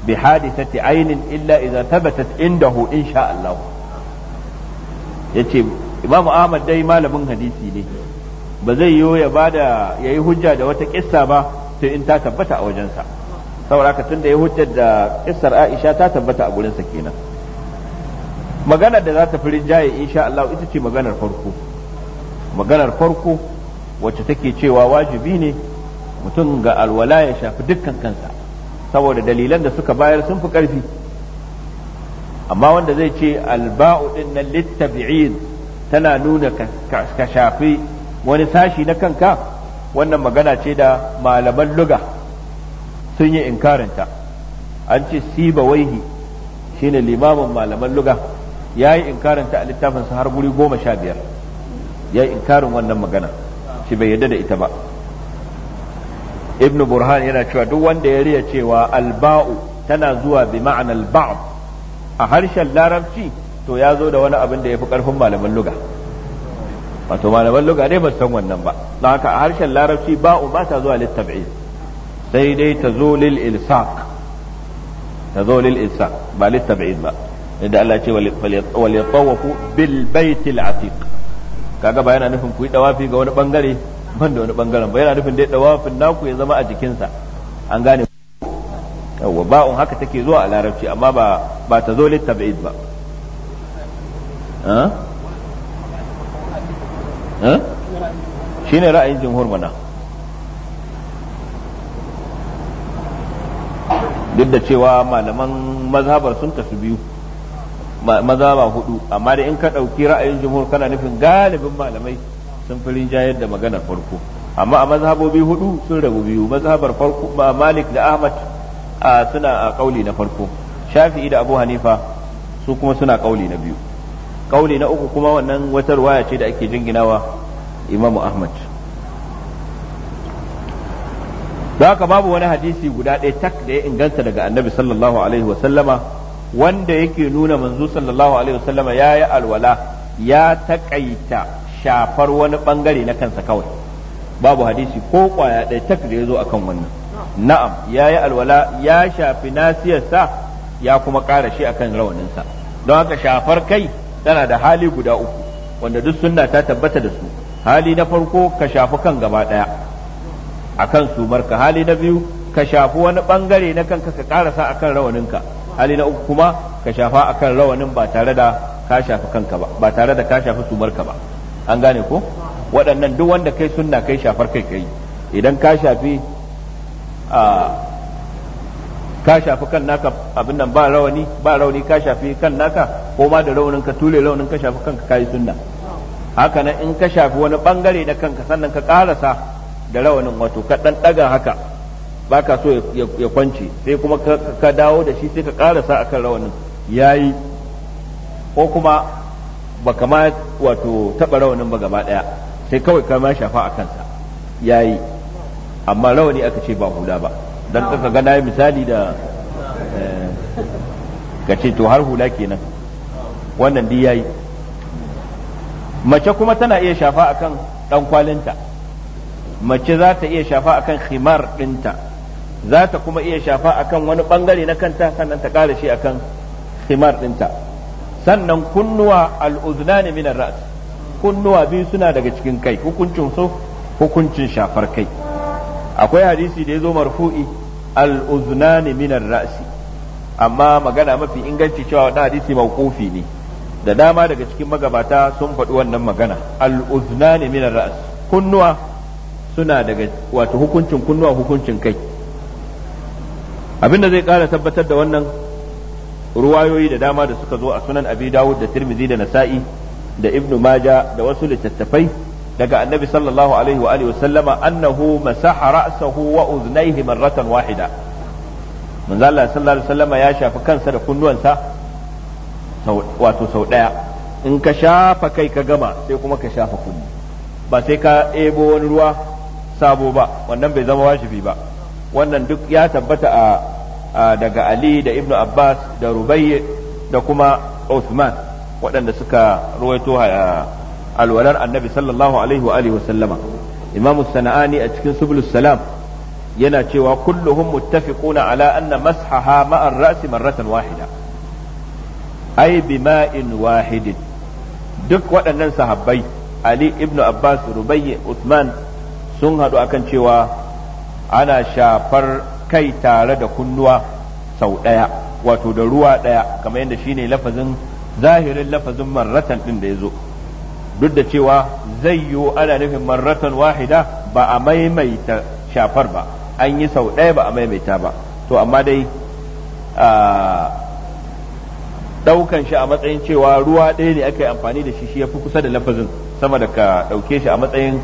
bi hadithati ainin illa idza thabatat indahu insha Allah ya yace Imam Ahmad dai malamin hadisi ne ba zai yiwu ya bada yayi hujja da wata kissa ba sai in ta tabbata a wajensa saboda haka da ya hujjar da kissar Aisha ta tabbata a gurinsa kenan maganar da za ta fi rinjaye insha Allah ita ce maganar farko maganar farko wacce take cewa wajibi ne mutum ga alwala ya shafi dukkan kansa saboda dalilan da suka bayar sun fi karfi amma wanda zai ce alba'u din na littabi'in tana nuna ka shafi wani sashi na kanka wannan magana ce da malaman luga sun yi inkarinta an ce siba waihi shine limamin malaman luga ya yi inkarinta a littafinsa har guri goma sha biyar ya yi inkarin wannan magana shi bai yadda da ita ba ibnu burhan yana cewa duk wanda ya riya cewa alba'u tana zuwa bi ma'anar ba'd a harshen larabci to ya zo da wani abin da ya fi ƙarfin malaman luga wato malaman luga dai ba san wannan ba don haka a harshen larabci ba'u ba ta zuwa littab'i sai dai ta zo lil ilsaq ta zo lil ilsaq ba littab'i ba inda Allah ce wal yatawafu bil baitil atiq kaga ba yana nufin ku yi dawafi ga wani bangare ban da wani bangaren ba yana nufin dai dawafin naku ya zama a jikinsa an gane yawwa ba'un haka take zuwa a larabci amma ba ba ta zo tab'id ba shine ra'ayin jumhur mana duk da cewa malaman mazhabar sun kasu biyu mazhaba hudu amma da in ka ɗauki ra'ayin jumhur kana nufin galibin malamai sun fi rinjayar da maganar farko amma a mazhabobi hudu sun rabu biyu mazhabar farko ba malik da ahmad suna a kauli na farko shafi'i da abu hanifa su kuma suna kauli na biyu kauli na uku kuma wannan wata ruwaya ce da ake jinginawa imamu ahmad da haka babu wani hadisi guda ɗaya tak da ya inganta daga annabi sallallahu alaihi wasallama wanda yake nuna manzo sallallahu alaihi wasallama ya yi alwala ya takaita shafar wani bangare na kansa kawai babu hadisi ko ƙwaya ɗaya tak da ya zo akan wannan na'am ya yi alwala ya shafi nasiyarsa ya kuma ƙara shi akan rawaninsa don haka shafar kai tana da hali guda uku wanda duk sunna ta tabbata da su hali na farko ka shafi kan gaba ɗaya akan sumarka hali na biyu ka shafi wani bangare na kanka ka karasa akan rawaninka hali na uku kuma ka shafa akan rawanin ba tare da ka shafi kanka ba ba tare da ka shafi sumarka ba an gane ko waɗannan duk wanda kai sunna kai shafar kai kai idan ka shafi ka shafi kan naka abin nan ba rawani ba rauni ka shafi kan naka ko ma da raunin ka tule raunin ka shafi kanka kayi sunna haka nan in ka shafi wani bangare da kanka sannan ka karasa da rawanin wato ka dan daga haka baka so ya kwance sai kuma ka dawo da shi sai ka karasa akan rawanin yayi ko kuma baka ma wato taba rawanin ba gaba daya sai kawai ka ma shafa akan sa yayi amma rawani aka ce ba hula ba dan kaka ga dai misali da eh, ka ce to har hula kenan wannan dai yayi mace kuma tana iya shafa akan dan kwalinta mace za ta iya shafa akan khimar dinta za ta kuma iya shafa akan wani bangare na kanta sannan ta kare shi akan khimar dinta sannan kunnuwa al'uznani min ar-ra's kunnuwa biyu suna daga cikin kai hukuncin su hukuncin shafar kai akwai hadisi da ya zo marfu'i al-uznani min rasi amma magana mafi inganci cewa wannan hadisi mawqufi ne da dama daga cikin magabata sun faɗi wannan magana al-uznani min ras kunnuwa suna daga wato hukuncin kunnuwa hukuncin kai abinda zai kara tabbatar da wannan ruwayoyi da dama da suka zo a sunan abi dawud da tirmidhi da nasa'i da ibnu maja da wasu littattafai daga annabi sallallahu alaihi wa alihi sallama annahu masaha ra'sahu wa uznaihi marratan wahida manzo Allah sallallahu alaihi wasallama ya shafi kansa da kunnuwansa wato sau daya in ka shafa kai ka gama sai kuma ka shafa kunnu ba sai ka ebo wani ruwa sabo ba wannan bai zama washifi ba wannan duk ya tabbata a daga Ali da Ibn Abbas da Rubayy da kuma Uthman waɗanda suka ruwaito alwalar annabi sallallahu alaihi wa wa sallama imamu sana'ani a cikin subulus salam yana cewa kulluhum muttafiquna ala anna mashaha ma'ar ra'si marratan wahida ay wahidin duk waɗannan sahabbai ali ibnu abbas rubayy uthman sun haɗu akan cewa ana shafar kai tare da kunnuwa sau ɗaya wato da ruwa ɗaya kamar yadda shine lafazin zahirin lafazin marratan ɗin da ya zo duk da cewa zai yiwu ana nufin marratan wahida ba a maimaita shafar ba an yi sau ɗaya ba a maimaita ba to amma dai ɗaukan shi a matsayin cewa ruwa ɗaya ne aka yi amfani da shi shi ya fi kusa da lafazin sama da ka ɗauke shi a matsayin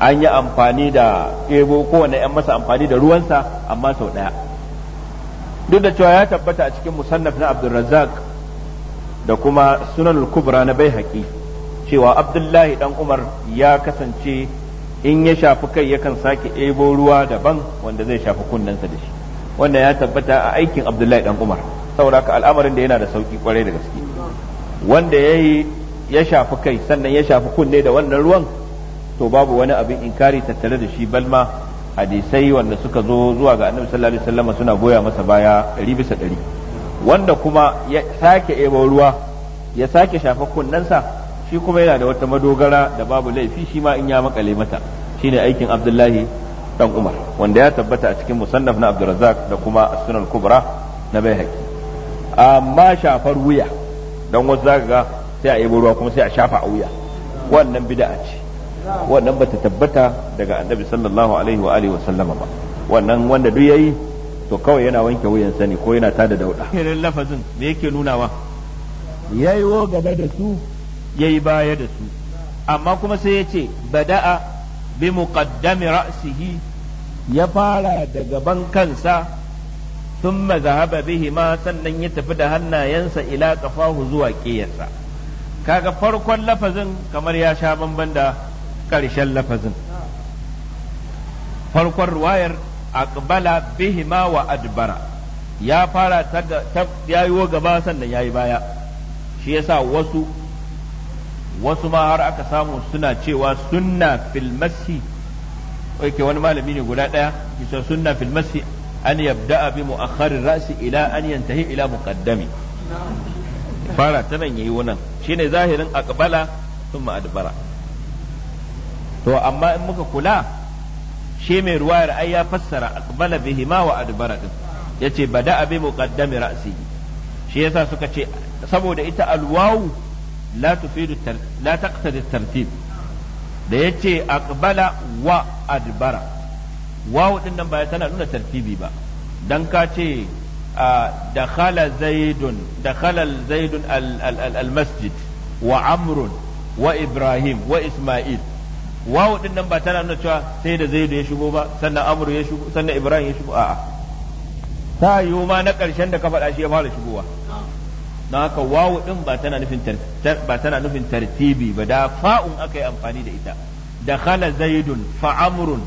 an yi amfani da ebo kowane 'yan masa amfani da ruwansa amma sau ɗaya duk da cewa ya tabbata a cikin musannaf na abdulrazzaq da kuma sunanul kubra na bai haƙi cewa abdullahi dan umar ya kasance in ya shafi kai yakan sake ebo ruwa daban wanda zai shafi kunnensa da shi wanda ya tabbata a aikin abdullahi dan umar saboda ka al'amarin da yana da sauki kwarai da gaske wanda ya yi ya shafi kai sannan ya shafi kunne da wannan ruwan to babu wani abin inkari tattare da shi balma hadisai wanda suka zo zuwa ga annabi sallallahu alaihi wasallam suna goya masa baya ɗari bisa ɗari wanda kuma ya sake ebo ruwa ya sake shafa kunnensa shi kuma yana da wata madogara da babu laifi shi ma in ya makale mata shine aikin abdullahi dan umar wanda ya tabbata a cikin musannaf na abdurrazzaq da kuma sunan kubra na baihaqi amma shafar wuya dan wasu zaka ga sai a yi ruwa kuma sai a shafa a wuya wannan bid'a ce wannan bata tabbata daga annabi sallallahu alaihi wa alihi wa ba wannan wanda duk yayi to kawai yana wanke wuyan sani ko yana tada dauda irin lafazin me yake nunawa yayi wo gaba da su ya yi baya da su amma kuma sai ya ce bada'a bi muqaddami ra'sihi ya fara da gaban kansa thumma zahaba bihi ma sannan ya tafi da hannayensa ila kafahu zuwa ƙeyarsa kaga farkon lafazin kamar ya sha bamban da ƙarshen lafazin farkon ruwayar aqbala bihima wa adbara ya fara ya gaba sannan ya yi baya shi yasa wasu wasu ma har aka samu suna cewa sunna fil masi ke wani malami ne guda ɗaya kisa sunna fil masi an yabda bi mu'akhkharir ra'si ila an yantahi ila muqaddami fara ta nan yayi wannan shine zahirin aqbala thumma adbara to amma in muka kula shi mai ruwayar ai ya fassara aqbala bihima wa adbara din yace bada bi muqaddami ra'si shi yasa suka ce saboda ita alwawu la tufidu la taqtadi tartib da yace aqbala wa adbara wawu din nan ba tana nuna tartibi ba dan ka ce dakhala zaidun dakhala zaidun al masjid wa amrun wa ibrahim wa isma'il wawu din nan ba tana nuna cewa sai da zaidu ya shigo ba sannan amru ya shigo sannan ibrahim ya shigo a'a ta yi ma na ƙarshen da ka faɗa shi ya fara shigowa don haka wawu din ba tana nufin ba tana nufin tartibi ba da fa'un aka yi amfani da ita da khala zaidun fa amrun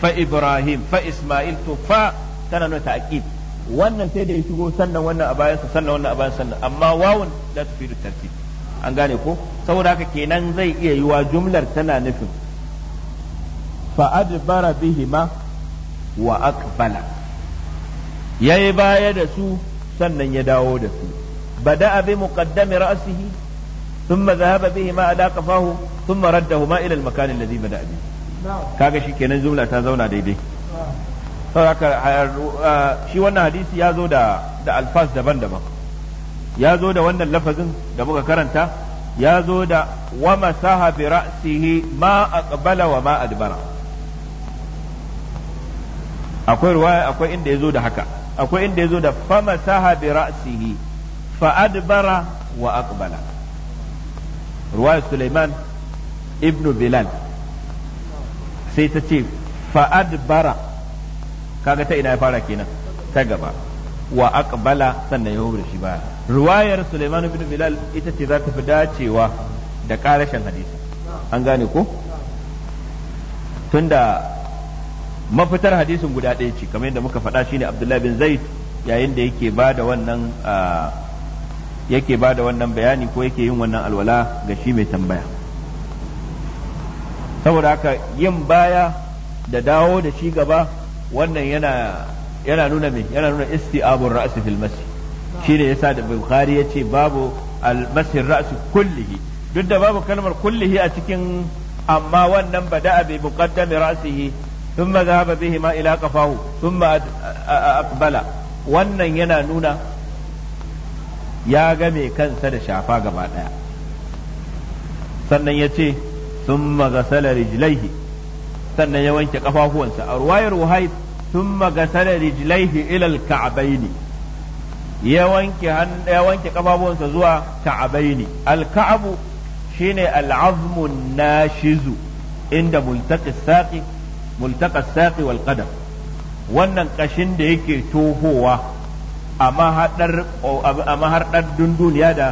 fa ibrahim fa isma'il to fa tana nuna ta'qib wannan sai da ya shigo sannan wannan a bayansa sannan wannan a bayan sannan amma wawun la tufidu tartib an gane ko saboda haka kenan zai iya yiwa jumlar tana nufin fa adbara bihima wa aqbala yayi baya da su sannan ya dawo da su bada bi muqaddami ra'sihi thumma dhahaba bihi ma ala qafahu thumma raddahuma ila al-makan alladhi bada bi kaga shikenan jumla ta zauna daidai saboda shi wannan hadisi ya zo da da alfas daban-daban ya zo da wannan lafazin da muka karanta ya zo da wa masaha bi ra'sihi ma aqbala wa ma adbara akwai ruwaya akwai inda ya zo da haka akwai inda yazo da saha bi ra'sihi fa adbara wa aqbala ruwaya Sulaiman ibn Bilal sai ta ce fa adbara kaga ta ina ya fara kenan ta gaba wa aqbala sannan ya hura shi baya ruwayar Sulaiman ibn Bilal ita ce za ta fi dacewa da karashin hadisi an gane ko tunda mafitar hadisin guda ɗaya ce kamar yadda muka faɗa shine Abdullahi bin Zaid yayin da yake ba da wannan yake ba da wannan bayani ko yake yin wannan alwala ga shi mai tambaya saboda haka yin baya da dawo da shi gaba wannan yana yana nuna me yana nuna isti'abur ra's fil masi shine yasa da bukhari yace babu al masir ra's kullihi duk da babu kalmar kullihi a cikin amma wannan bada'a bi muqaddami ra'sihi thumma dhahaba bihima ila qafahu thumma aqbala wannan yana nuna ya game kansa da shafa gaba daya sannan ya ce thumma ghasala rijlaihi sannan ya wanke kafafuwansa a ruwayar wahid thumma ghasala rijlaihi ila al-ka'baini ya wanke ya wanke kafafuwansa zuwa ka'baini al-ka'bu shine al-'azmun nashizu inda multaqi saqi Multaka saqi wal qadam wannan kashin da yake tohowa a a dunduniya da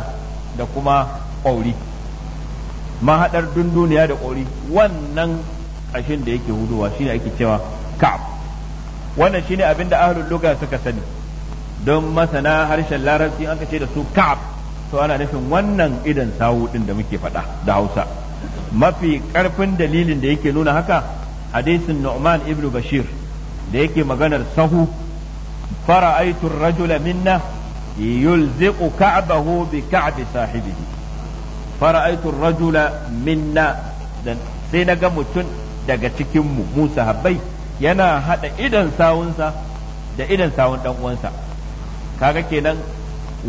da kuma kauri mahaɗar dunduniya da kauri wannan kashin da yake huduwa shine ake cewa ka'ab wannan shine abin da ahlul lugha suka sani don masana harshen larabci an ce da su ka'ab to ana nufin wannan idan sawu ɗin da muke faɗa da Hausa mafi ƙarfin dalilin da yake nuna haka hadisin Nu'man ibn Bashir da yake maganar sahu fara'aitu rajula minna yulziqu ka'bahu bi ka'bi sahibihi fara'aitu rajula minna sai na ga mutum daga cikin mu mu yana hada idan sawunsa da idan sawun dan uwansa kaga kenan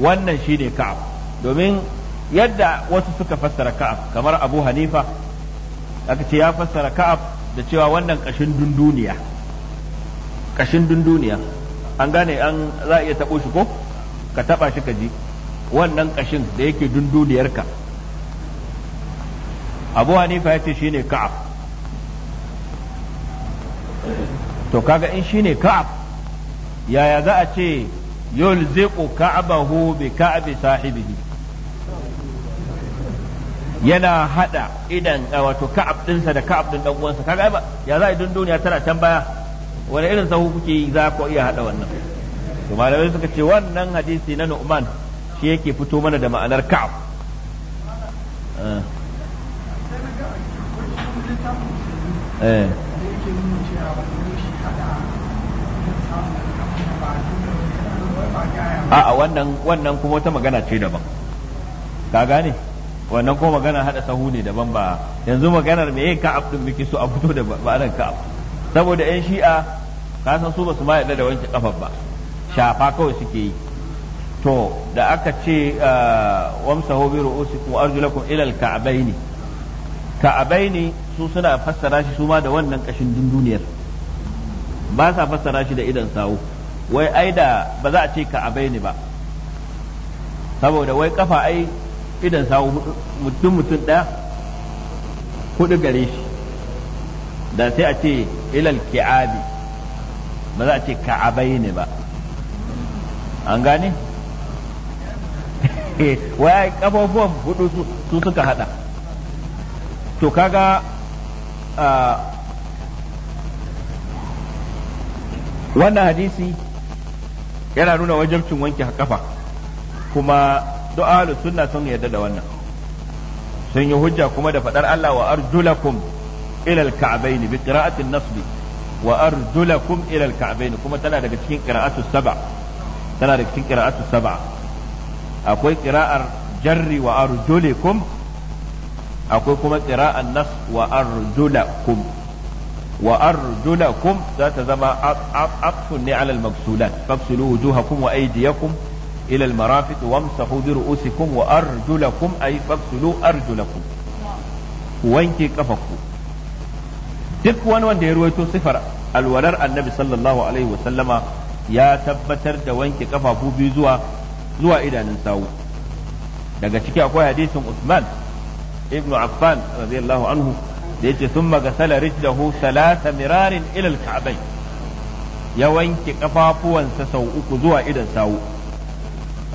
wannan shine ka'ab domin yadda wasu suka fassara ka'ab kamar Abu Hanifa aka ce ya fassara ka'ab da cewa wannan kashin dunduniya kashin dunduniya an gane an za a iya taɓo shi ko ka taɓa shi ka ji wannan kashin da yake dunduniyarka abu hanifa ya ce shi ne ka'af to kaga in shi ne ka'af yaya za a ce yulziqu ka'abahu bi ka'abi sahibihi yana hada idan wato ka'ab dinsa da ka'ab din dan uwansa kaga ba ya za a idan duniya tana can baya wani irin sahu kuke yi za ku iya hada wannan to malamai suka ce wannan hadisi na Nu'man shi yake fito mana da ma'anar ka'ab eh. Eh. a'a wannan wannan kuma wata magana ce daban ka gane wannan ko magana hada sahu ne daban ba yanzu maganar me ka'ab din biki so a fito da ba'aran ka'ab saboda yan shi'a ka san su su ma yadda da wanke kafar ba shafa kawai suke yi to da aka ce ah, Wamsa bi ru'usikum wa arjulakum ila al ka'abaini su suna fassara shi su ma da wannan kashin dunduniyar ba sa fassara shi da idan sawu wai ai ba za a ce ka'abaini ba saboda wai kafa ai idan sawo mutum mutum ɗaya hudu gare shi da sai a ce ilal ki'abi ba za a ce ka'abai ne ba an gane <laughs> waya kafofuwan hudu su suka hada to kaga wannan hadisi yana nuna wajabcin wanke kafa kuma duk ahlus sunna sun yarda da wannan sun yi hujja kuma da fadar Allah wa arjulakum ila al-ka'bayn bi qira'ati an-nasb wa arjulakum ila al-ka'bayn kuma tana daga cikin qira'atu sab'a tana daga cikin qira'atu sab'a akwai qira'ar jarri wa arjulikum akwai kuma qira'an nas wa arjulakum wa arjulakum za ta zama aqfun ne ala al-mafsulat fafsilu wujuhakum wa aydiyakum ila al-marafiq wamsahu bi ru'usikum wa arjulakum ay fafsulu arjulakum wanke kafaku duk wani wanda ya ruwaito sifar alwalar annabi sallallahu alaihi wasallama ya tabbatar da wanke kafafu biyu zuwa zuwa idanun sawu daga ciki akwai hadisin Usman ibn Affan radiyallahu anhu da yace thumma gasala rijlahu thalatha mirarin ila al-ka'bayn ya wanke kafafuwansa sau uku zuwa idan sawu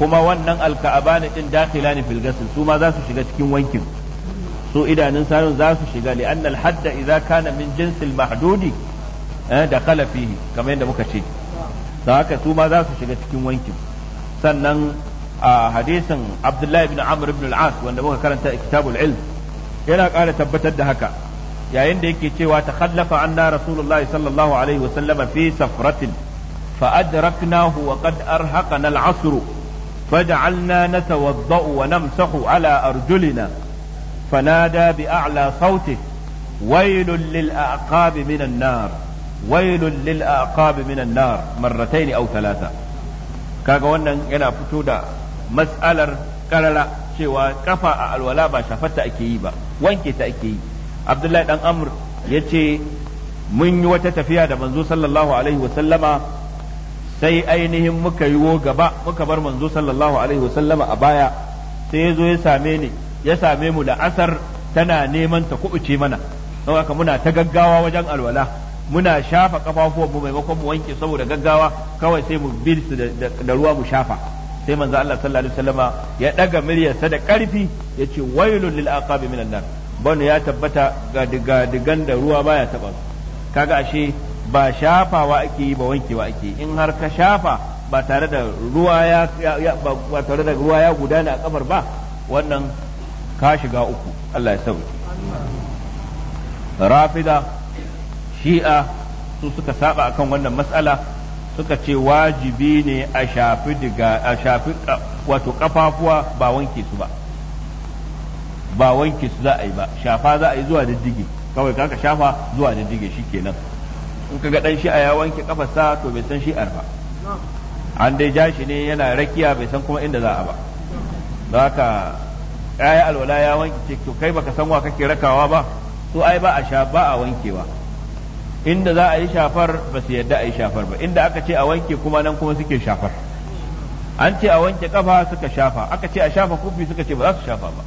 kuma wannan alka'abani din dakhilani fil ghasl su ma za su shiga cikin wankin su idanun sarun za su shiga li anna hadda idza kana min jinsil mahdudi eh, da khala fihi kamar yadda muka ce haka su ma za su shiga cikin wankin sannan a hadisin Abdullahi ibn Amr ibn al-As wanda muka karanta a kitabul ilm yana ƙara tabbatar da haka yayin da yake cewa takhallafa anna rasulullahi sallallahu alaihi wa sallama fi safratin fa adraknahu wa qad arhaqana al-'asr فجعلنا نتوضأ ونمسح على أرجلنا فنادى بأعلى صوته ويل للأعقاب من النار ويل للأعقاب من النار مرتين أو ثلاثة kaga wannan yana fito da mas'alar karara cewa kafa a alwala ba shafarta ake yi ba wanke ta ake yi abdullahi dan amr ya ce mun yi wata tafiya da manzo sallallahu alaihi wa sallama. sai ainihin muka yi gaba muka bar manzo sallallahu alaihi wasallama a baya sai ya zo ya same ni ya same mu da asar tana neman ta kubuce mana don haka muna ta gaggawa wajen alwala muna shafa kafafuwan mu maimakon mu wanke saboda gaggawa kawai sai mu bi su da ruwa mu shafa sai manzo Allah sallallahu alaihi wasallama ya daga sa da karfi yace wailul lil aqabi minan nar bano ya tabbata ga digan da ruwa baya taba kaga ashe ba shafawa ake yi ba wankewa ake yi in har ka shafa ba tare da ruwa ya ba tare da ruwa ya gudana a kafar ba wannan ka shiga uku Allah ya sauke rafida shi'a su suka saba akan wannan mas'ala suka ce wajibi ne a shafi diga a shafi wato kafafuwa ba wanke su ba ba wanke su za a yi ba shafa za a yi zuwa diddige kawai ka shafa zuwa diddige shikenan in ga dan shi'a ya wanke kafarsa to bai san shi'ar ba an dai ja shi ne yana rakiya bai san kuma inda za a ba za ka ya alwala ya wanke ce to kai baka san wa kake rakawa ba to ai ba a sha ba a wankewa inda za a yi shafar ba su yadda a yi shafar ba inda aka ce a wanke kuma nan kuma suke shafar an ce a wanke kafa suka shafa aka ce a shafa kufi suka ce ba za su shafa ba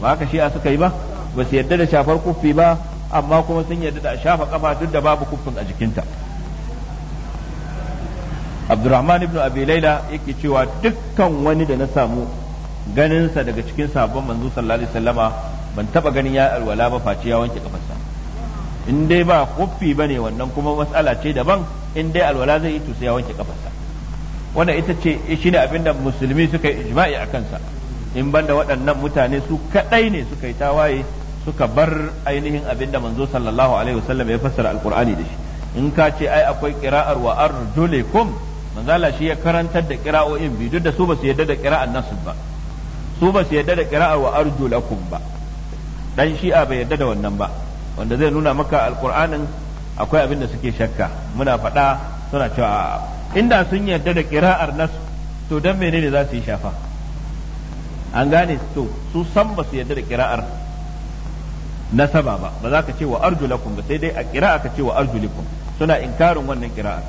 ba aka a suka yi ba ba su yadda da shafar kufi ba amma kuma sun yarda da a shafa kafa duk da babu kuffin a jikinta abdurrahman ibn abi laila yake cewa dukkan wani da na samu ganinsa daga cikin sabon manzo sallallahu alaihi wasallama ban taba ganin ya alwala ba face ya wanke kafarsa in dai ba kuffi bane wannan kuma matsala ce daban in dai alwala zai yi to sai ya wanke kafarsa wannan ita ce shine da musulmi suka yi ijma'i a kansa in banda waɗannan mutane su kaɗai ne suka yi tawaye suka bar ainihin abinda manzo sallallahu alaihi wasallam ya fassara alqur'ani da shi in ka ce ai akwai qira'ar wa arjulikum manzala shi ya karantar da qira'o'in bi duk da su ba su yadda da qira'an nasu ba su ba su yadda da qira'ar wa arjulakum ba dan shi'a bai yadda da wannan ba wanda zai nuna maka alqur'anin akwai abin da suke shakka muna faɗa suna cewa inda sun yadda da qira'ar nasu to dan menene za su yi shafa an gane to su san ba su yadda da qira'ar nasaba ba ba za ka ce wa arjulakum ba sai dai a kira'a ka ce wa arjulikum suna inkarin wannan kira'a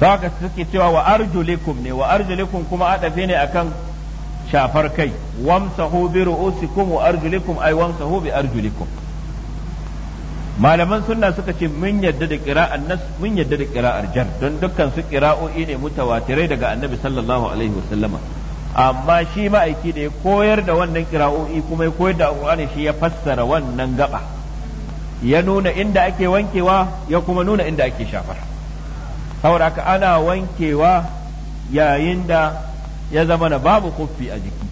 za ka suke cewa wa arjulikum ne wa arjulikum kuma adafi ne akan shafar kai wamsahu bi ru'usikum wa arjulikum ay wamsahu bi arjulikum malaman sunna suka ce mun yadda da qira'an nas mun yadda da qira'ar jar don dukkan su qira'o'i ne mutawatirai daga annabi sallallahu alaihi wasallama amma shi ma'aiki da ya koyar da wannan kira'o'i kuma ya koyar da alqur'ani shi ya fassara wannan gaba ya nuna inda ake wankewa ya kuma nuna inda ake shafar saboda haka ana wankewa yayin da ya zama na babu kuffi a jiki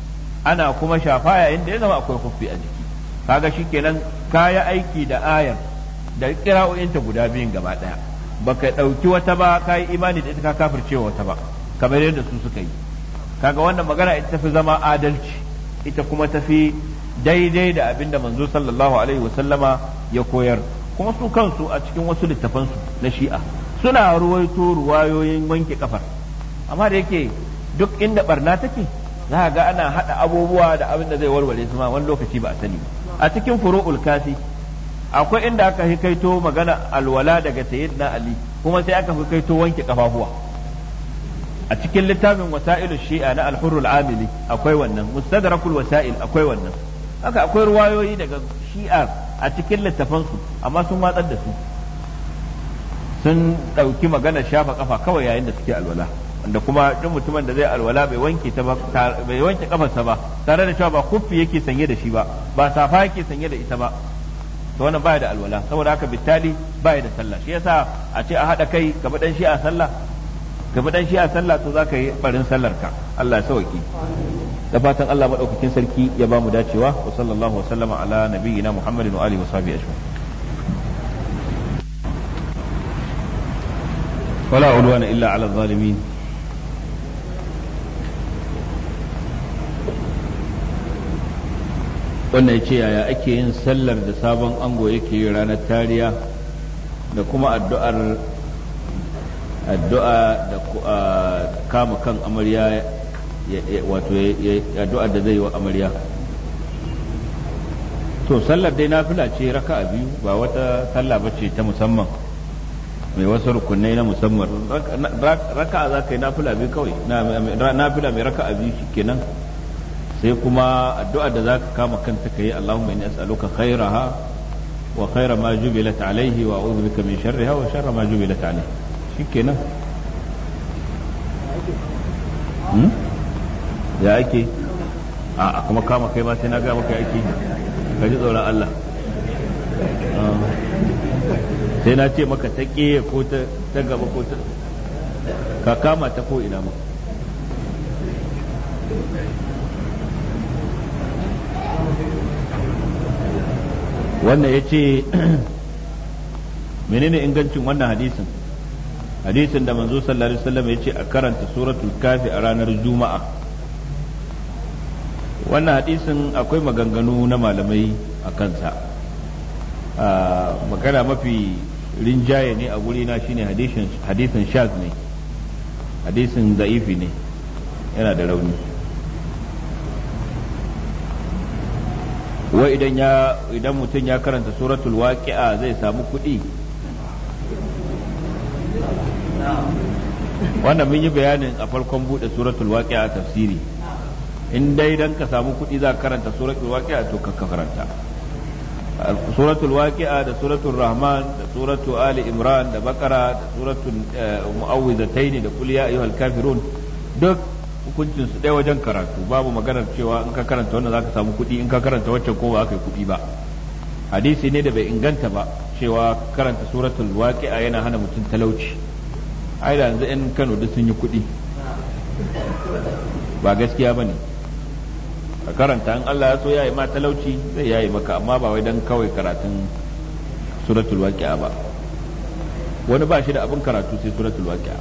ana kuma shafa yayin da ya zama akwai kuffi a jiki kaga shikenan kaya aiki da ayar da ta guda biyun gaba daya baka ɗauki wata ba kai imani da ita ka kafircewa wata ba kamar yadda su suka yi kaga wannan magana ita tafi zama adalci ita kuma tafi daidai da abin da manzo sallallahu alaihi wasallama ya koyar kuma su kansu a cikin wasu littafansu na shi'a suna ruwaito ruwayoyin wanke kafar amma da yake duk inda barna take za ga ana hada abubuwa da abin da zai warware su ma wani lokaci ba a sani a cikin furu'ul kafi akwai inda aka hikaito magana alwala daga sayyidina ali kuma sai aka hikaito wanke kafafuwa a cikin littafin wasa'ilu shi'a na al-hurrul amili akwai wannan mustadrakul wasa'il akwai wannan haka akwai ruwayoyi daga shi'a a cikin littafansu amma sun watsar da su sun ɗauki magana shafa kafa kawai yayin da suke alwala wanda kuma duk mutumin da zai alwala bai wanke ta ba bai wanke kafarsa ba tare da cewa ba kuffi yake sanye da shi ba ba safa yake sanye da ita ba to wannan baya da alwala saboda haka bittali baya da sallah shi yasa a ce a haɗa kai gaba dan shi a sallah ka bi dan shi'a sallah to zaka yi barin sallar ka Allah ya sauki da fatan Allah madaukakin sarki ya ba mu dacewa wa sallallahu wa sallama ala nabiyyina Muhammadin wa alihi wa sahbihi ajma'in ولا عدوان illa على الظالمين wannan ya ce yaya ake yin sallar da sabon ango yake yi ranar tariya da kuma addu'ar addu'a da kama kan amarya wato addu'a da zai yi wa amarya to sallar dai nafila ce a biyu ba wata sallah ce ta musamman mai wasu rukunai na musamman raka'a za ka yi nafila biyu kawai nafila mai a biyu kenan sai kuma addu'a da za ka kama kanta ka yi Allahumma inni as'aluka khairaha wa khaira ma jubilat alaihi wa a'udhu bika min sharriha wa sharra ma jubilat alaihi shikenan hmm? ya ake a kuma kama kai ma sai na gaya maka ake ka ji tsoron Allah ah. sai na ce maka ta ƙeye ko ta gaba ko ta ka kama ta ko ina ma wannan ya ce <clears throat> menene ingancin wannan hadisin hadisin da manzo sallallahu alaihi wasallam ya ce a karanta suratul kafi a ranar juma'a wannan hadisin akwai maganganu na malamai a kansa magana mafi rinjaye ne a guri na shine hadisin shaz ne hadisin za'ifi ne yana da rauni wa idan mutum ya karanta suratul waqi'a zai samu kuɗi wannan mun yi bayanin a farkon bude suratul waqi'a a tafsiri in dai dan ka samu kuɗi za ka karanta suratul waqi'a to ka karanta suratul waqi'a da suratul rahman da suratul ali imran da bakara da suratul eh, mu'awwizataini da qul ya ayyuhal kafirun duk hukuncin su ɗaya wajen karatu babu maganar cewa in ka karanta wannan zaka samu kuɗi in ka karanta waccan ko ba ka yi kuɗi ba hadisi ne da bai inganta ba cewa karanta suratul waqi'a yana hana mutum talauci ai da yanzu 'yan kano duk sun yi kuɗi ba gaskiya ba ne a karanta an Allah ya so ya yi ma talauci zai yayi maka amma ba wai don kawai karatun suratul waqi'a ba wani ba shi da abin karatu sai suratul waqi'a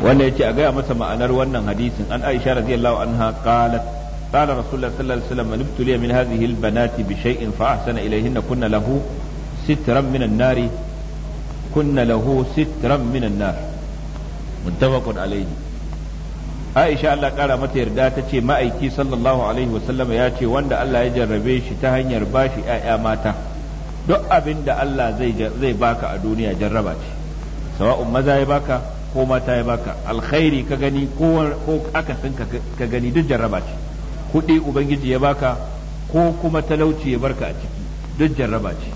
wanda ce a gaya masa ma'anar wannan hadisin an Aisha radiyallahu anha qalat قال رسول الله صلى الله عليه وسلم من ابتلي من هذه البنات بشيء فأحسن إليهن كن له سترا من النار كن له سترا من النار متفق عليه Aisha Allah ƙara mata yarda ta ce ma'aiki sallallahu alaihi wasallam ya ce wanda Allah ya jarrabe shi ta hanyar bashi ‘ya'ya mata duk abin da Allah zai baka a duniya jarraba ce sawa'un maza ya baka ko mata ya baka alkhairi ka gani ko akasin ka gani duk jarraba ce kuɗi ubangiji ya baka ko kuma talauci ya barka a ciki duk jarraba ce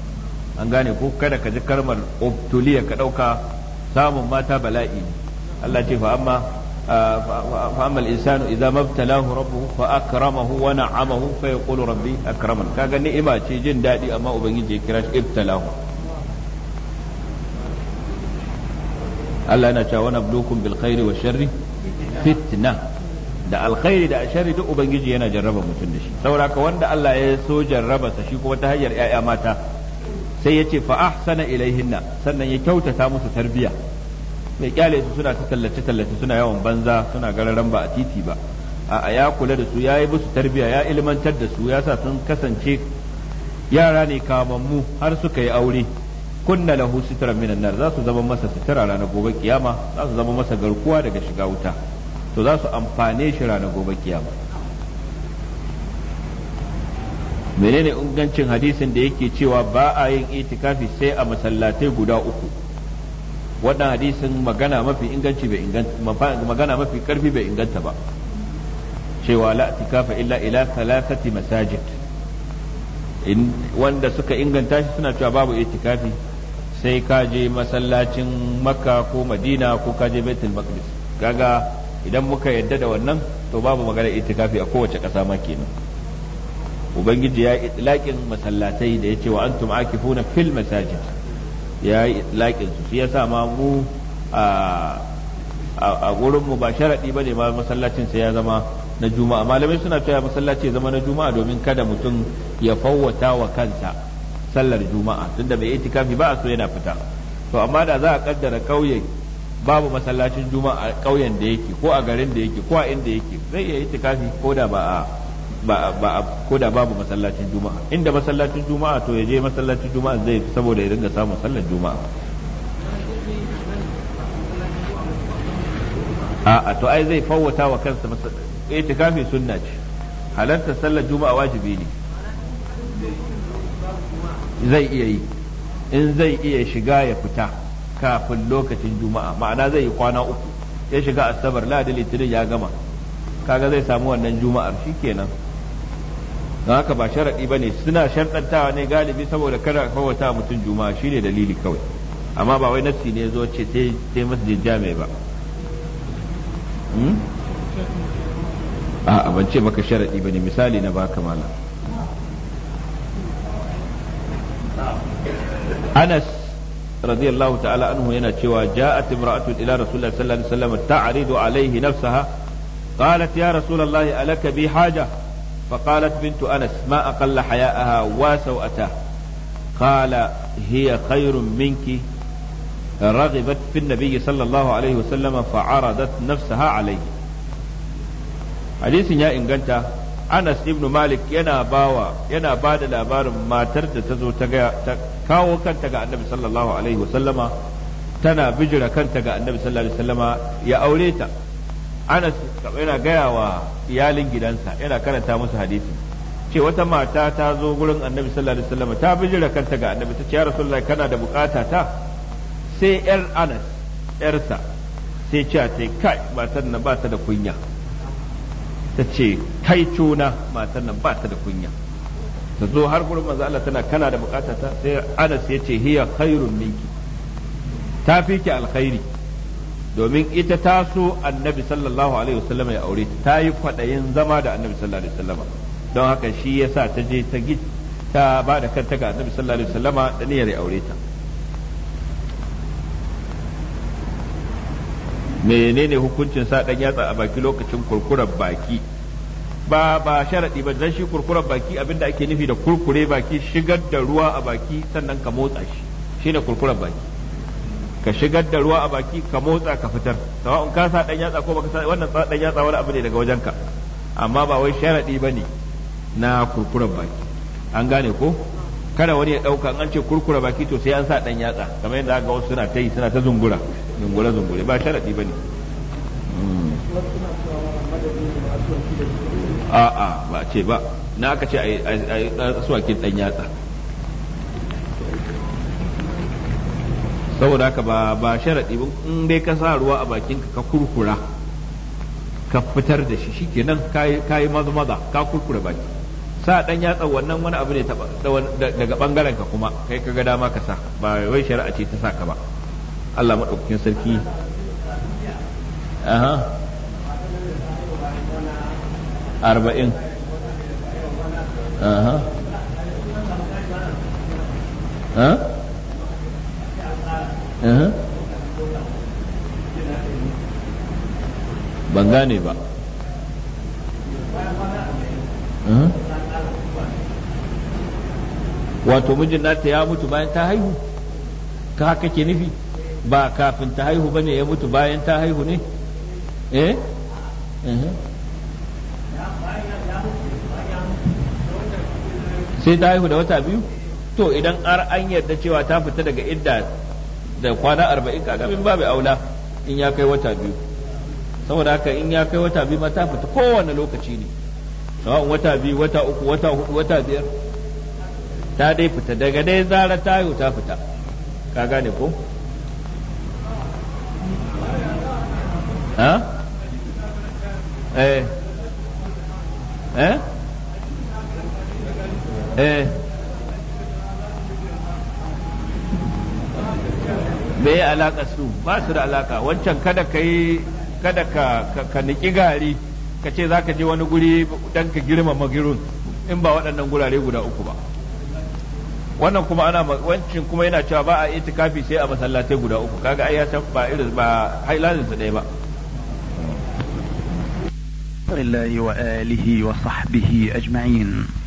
an gane ko kada ka ji karmar obtuliya ka ɗauka samun mata bala'i Allah ce fa amma fa amma al-insanu idza mabtalahu rabbuhu fa akramahu wa na'amahu fa yaqulu rabbi akraman kaga ni'ima ce jin daɗi amma ubangiji ya kira shi ibtalahu Allah yana cewa wani bulukun bil khairi wa sharri fitna da alkhairi da ashari duk ubangiji yana jarraba mutum da shi saboda wanda Allah ya so jarraba sa shi kuma ta hanyar yaya mata sai ya ce fa ahsana ilaihinna sannan ya kyautata musu tarbiya mai kyale su suna ta tallace tallace suna yawan banza suna gararan ba a titi ba a ya kula da su ya yi musu tarbiya ya ilmantar da su ya sa sun kasance yara ne kamammu har suka yi aure kunna lahu sitran minan nar za su zama masa sitara ranar gobe kiyama za su zama masa garkuwa daga shiga wuta to za su amfane shi ranar gobe kiyama menene ingancin hadisin da yake cewa ba a yin itikafi sai a masallatai guda uku wannan hadisin magana mafi inganci bai inganta magana mafi karfi bai inganta ba cewa la itikafa illa ila thalathati masajid in wanda suka inganta shi suna cewa babu itikafi sai ka je masallacin makka ko madina ko ka je baitul maqdis kaga idan muka yadda da wannan to babu magana itikafi a kowace ƙasa ma kenan ubangiji ya yi itlaƙin masallatai da ya wa antum akifuna fil masajid ya yi su shi yasa ma mu a gurin mu ba sharadi bane ma masallacin sai ya zama na juma'a malamai suna cewa masallaci ya zama na juma'a domin kada mutum ya fawwata wa kansa sallar juma'a tunda bai itikafi ba a so yana fita to amma da za a kaddara kauye babu masallacin juma'a a ƙauyen da yake ko a garin da yake ko a inda yake zai iya yi ko da ba a ko da babu masallacin juma'a inda masallacin juma'a to ya je masallacin juma'a zai saboda ya dinga samun sallar juma'a a'a to ai zai fawwata wa kansa masallacin itikafi sunna ce halarta sallar juma'a wajibi ne zai iya yi in zai iya shiga ya fita kafin lokacin juma'a ma'ana zai yi kwana uku ya shiga asabar da litinin ya gama kaga zai samu wannan juma'ar shikenan don haka ba sharaɗi ba ne suna sharɗantawa ne galibi saboda kada kawata mutum juma'a shine dalili kawai amma ba wai nassi ne zo ce sai masjid jami'a ba hmm? a ban ce maka sharaɗi ba ne misali na baka malam anas radiyallahu ta'ala anhu yana cewa ja'at imra'atun ila rasulullah sallallahu alaihi wasallam ta'ridu alaihi nafsaha qalat ya rasulullahi alaka bi haja فقالت بنت أنس ما أقل حياءها وسوءتها قال هي خير منك رغبت في النبي صلى الله عليه وسلم فعرضت نفسها عليه حديث يا إنجنتا anas ibn malik yana bawa yana ba da labarin matar da ta zo ta kawo kanta ga annabi sallallahu alaihi wasallama tana bijira kanta ga annabi sallallahu alaihi wasallama ya aure ta anas yana gaya wa iyalin gidansa yana karanta musu hadisi ce wata mata ta zo gurin annabi sallallahu alaihi wasallama ta bijira kanta ga annabi ta ce ya rasulullahi kana da bukata ta sai yar anas yarsa sai ce ta kai matar na ba ta da kunya ta ce kai cuna matar nan ba ta da kunya ta zo har gurin manzo Allah tana kana da bukata ta sai Anas ya ce hiya khairun minki ta fi ki alkhairi domin ita ta so annabi sallallahu alaihi wasallam ya aure ta yi kwadayin zama da annabi sallallahu alaihi wasallam don haka shi yasa ta je ta ta ba da kanta ga annabi sallallahu alaihi wasallama da niyyar ya aure ta menene hukuncin sa dan yatsa a baki lokacin kurkurar baki ba ba sharadi ba dan shi kurkurar baki abinda ake nufi da kurkure baki shigar da ruwa a baki sannan ka motsa shi shine kurkurar baki ka shigar da ruwa a baki ka motsa ka fitar sawa'un ka sa dan yatsa ko baka sa wannan sa dan yatsa wani abu ne daga wajenka amma ba wai sharadi bane na kurkurar baki an gane ko kada wani ya dauka an ce kurkura baki to sai an sa dan yatsa kamar yadda ga wasu suna ta yi suna ta zungura zungura zungure ba sharadi bane mm. a a ba ce ba na aka ce a suwakin dan yatsa saboda haka ba ba sharadi ba in dai ka sa ruwa a bakinka ka kurkura ka fitar da shi shikenan kai maza maza ka kurkura baki sa dan yatsa wannan wani abu ne daga bangaren ka kuma kai kaga dama ka sa ba wai shari'a ce ta saka ba Allah madaukakin sarki aha arba'in aha aha ban gane ba Uh-huh. wato mijin nata ya mutu bayan ta haihu ka haka ke nufi ba kafin ta haihu bane ya mutu bayan ta haihu ne eh, eh. sai ta haihu da wata biyu to idan ar an yarda cewa ta fita daga idda da kwana arba'in min babu aula in ya kai wata biyu saboda haka in ya kai wata biyu ma ta fita kowane lokaci ne sawa wata biyu wata uku wata hudu wata biyar ta dai fita daga dai zara yi ta fita ka gane ko eh eh eh me alaka su ba su da alaka wancan kada ka yi kada ka niki gari ka ce za ka je wani guri don ka girma magirun, in ba waɗannan gurare guda uku ba wannan kuma ana wancin kuma yana cewa ba a itikafi sai a masallatai guda uku kaga ai ya ba irin ba hailalin su ɗaya ba الله wa sahbihi ajma'in